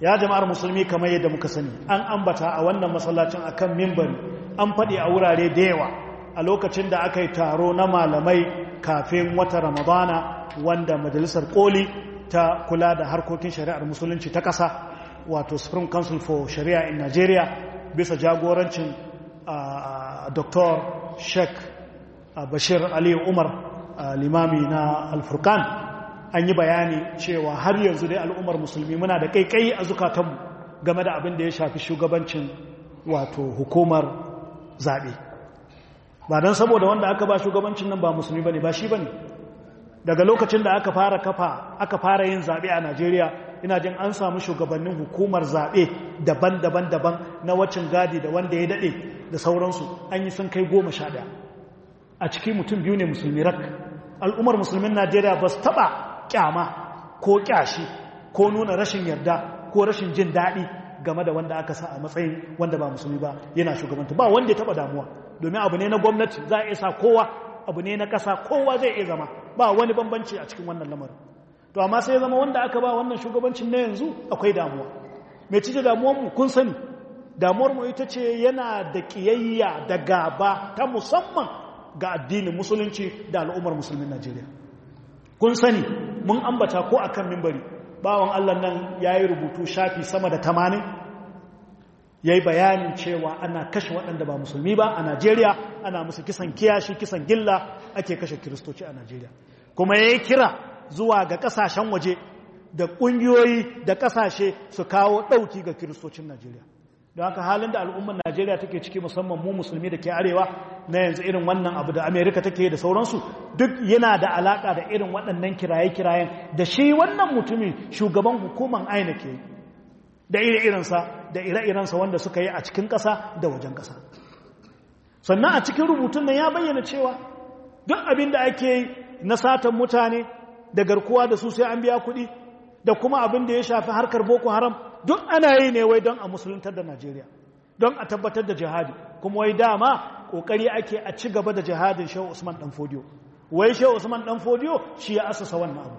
ya jama'ar musulmi kamar yadda muka sani an ambata a wannan masallacin akan mimbari an faɗi a wurare da yawa a lokacin da aka yi taro na malamai kafin wata ramadana wanda majalisar koli ta kula da harkokin shari'ar musulunci ta ƙasa wato supreme council for sharia in nigeria bisa jagorancin dr sheik bashir ali umar limami na alfurkan an yi bayani cewa har yanzu dai al'ummar musulmi muna da kaikai a zukatanmu game da abin da ya shafi shugabancin wato hukumar zaɓe ba don saboda wanda aka ba shugabancin nan ba musulmi ba ne ba shi ba ne daga lokacin da aka fara kafa aka fara yin zaɓe a najeriya ina jin an samu shugabannin hukumar zaɓe daban-daban daban na wacin gadi da wanda ya daɗe da sauransu an yi sun kai goma sha ɗaya a ciki mutum biyu ne musulmi rak al'ummar musulmin najeriya ba su taɓa ƙyama ko ƙyashi ko nuna rashin yarda ko rashin jin daɗi game da wanda aka sa a matsayin wanda ba musulmi ba yana shugabanta ba wanda ya taɓa damuwa domin abu ne na gwamnati za a isa kowa abu ne na ƙasa kowa zai iya zama ba wani bambanci a cikin wannan lamarin to amma sai zama wanda aka ba wannan shugabancin na yanzu akwai damuwa mai cije damuwarmu kun sani damuwar mu ita ce yana da ƙiyayya da gaba ta musamman ga addinin musulunci da al'ummar musulmin najeriya kun sani mun ambata ko akan mimbari bawan allah nan ya yi rubutu shafi sama da tamanin ya yi bayanin cewa ana kashe waɗanda ba musulmi ba a najeriya ana musu kisan kiyashi kisan gilla ake kashe kiristoci a najeriya kuma ya yi kira zuwa ga ƙasashen waje da ƙungiyoyi da ƙasashe su kawo ɗauki ga kiristocin najeriya don haka halin da al'ummar najeriya take ciki musamman mu musulmi da ke arewa na yanzu irin wannan abu da amerika take da sauransu duk yana da alaƙa da irin waɗannan kiraye-kirayen da shi wannan mutumin shugaban hukuman aina da iri-irinsa da ire iren sa wanda suka yi a cikin ƙasa da wajen ƙasa sannan a cikin rubutun nan ya bayyana cewa duk abin da ake yi na satan mutane da garkuwa da su sai an biya kuɗi da kuma abin da ya shafi harkar boko haram duk ana yi ne wai don a musuluntar da najeriya don a tabbatar da jihadi kuma wai dama ƙoƙari ake a ci gaba da jihadin shehu usman ɗan fodiyo wai shehu usman ɗan fodiyo shi ya asasa wannan abu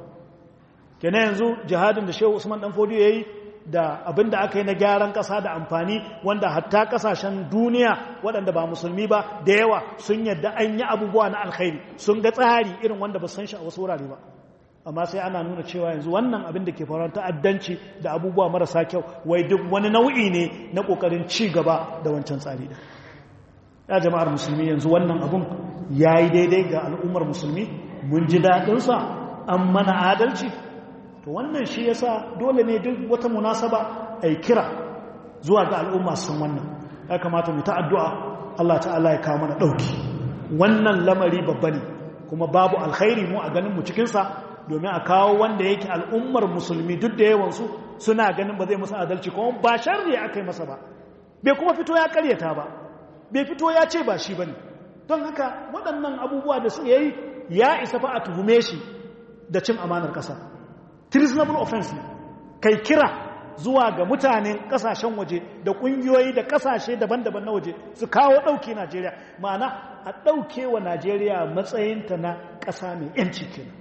kenan yanzu jihadin da shehu usman ɗan fodiyo ya yi da abin da aka yi na gyaran ƙasa da amfani wanda hatta ƙasashen duniya waɗanda ba musulmi ba da yawa sun yadda an yi abubuwa na alkhairi sun ga tsari irin wanda ba san shi a wasu wurare ba amma sai ana nuna cewa yanzu wannan abin da ke faruwa ta'addanci da abubuwa marasa kyau wai duk wani nau'i ne na ƙoƙarin ci gaba da wancan tsari da ya jama'ar musulmi yanzu wannan abun ya yi daidai ga al'ummar musulmi mun ji daɗinsa an mana adalci to wannan shi yasa dole ne duk wata munasaba yi kira zuwa ga al'umma sun wannan ya kamata mu ta addu'a Allah ta'ala ya kawo mana dauki wannan lamari babba ne kuma babu alkhairi mu a ganin mu cikin sa domin a kawo wanda yake al'ummar musulmi duk da yawan su suna ganin ba zai musu adalci ko ba sharri akai masa ba bai kuma fito ya karyata ba bai fito ya ce ba shi bane don haka waɗannan abubuwa da su yayi ya isa fa a tuhume shi da cin amanar ƙasa treasonable offense ne kai kira zuwa ga mutanen kasashen waje da kungiyoyi da kasashe daban-daban na waje su kawo ɗauke najeriya ma'ana a ɗauke wa najeriya matsayinta na kasa mai yanci kenan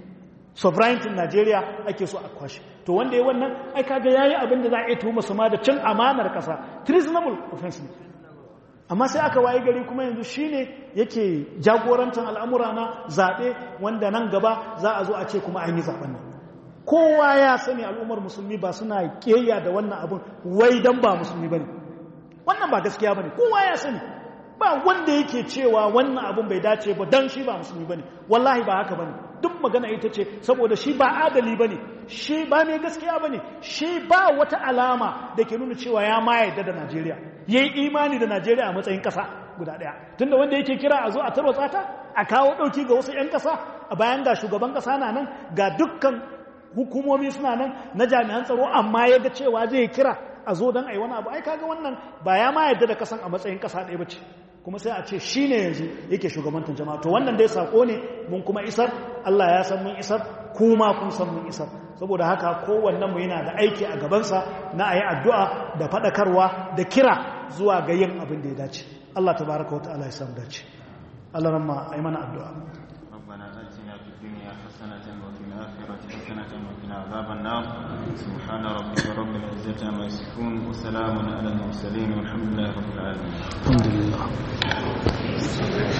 sovereignty najeriya ake so a kwashe to wanda ya wannan ai ga yayi abin da za a yi masu ma da cin amanar ƙasa treasonable offense ne amma sai aka waye gari kuma yanzu shine yake jagorantar al'amura na zaɓe wanda nan gaba za a zo a ce kuma an yi zaɓen nan kowa ya sani al'ummar musulmi ba suna keya da wannan abun wai don ba musulmi ba ne wannan ba gaskiya ba ne kowa ya sani ba wanda yake cewa wannan abun bai dace ba don shi ba musulmi ba ne wallahi ba haka ba ne duk magana ita ce saboda shi ba adali ba ne shi ba mai gaskiya ba ne shi ba wata alama da ke nuna cewa ya ma yadda da Najeriya ya yi imani da Najeriya a matsayin kasa guda daya tunda wanda yake kira a zo a tarwatsa ta a kawo dauki ga wasu yan kasa a bayan ga shugaban kasa na nan ga dukkan hukumomi suna nan na jami'an tsaro amma ya ga cewa zai kira a zo don aiwana wani abu aika ga wannan ba ya ma yadda da kasan a matsayin kasa ɗaya ba ce kuma sai a ce shi ne yanzu yake shugabantar jama'a to wannan dai sako ne mun kuma isar Allah ya san mun isar kuma kun san mun isar saboda haka kowannen mu yana da aiki a gabansa na ayi addu'a da faɗakarwa da kira zuwa ga yin abin da ya dace Allah tabaraka wa ta'ala ya samu dace Allah ramma ayi mana addu'a عذاب النار سبحان ربك رب العزة عما يصفون وسلام على المرسلين والحمد لله رب العالمين الحمد لله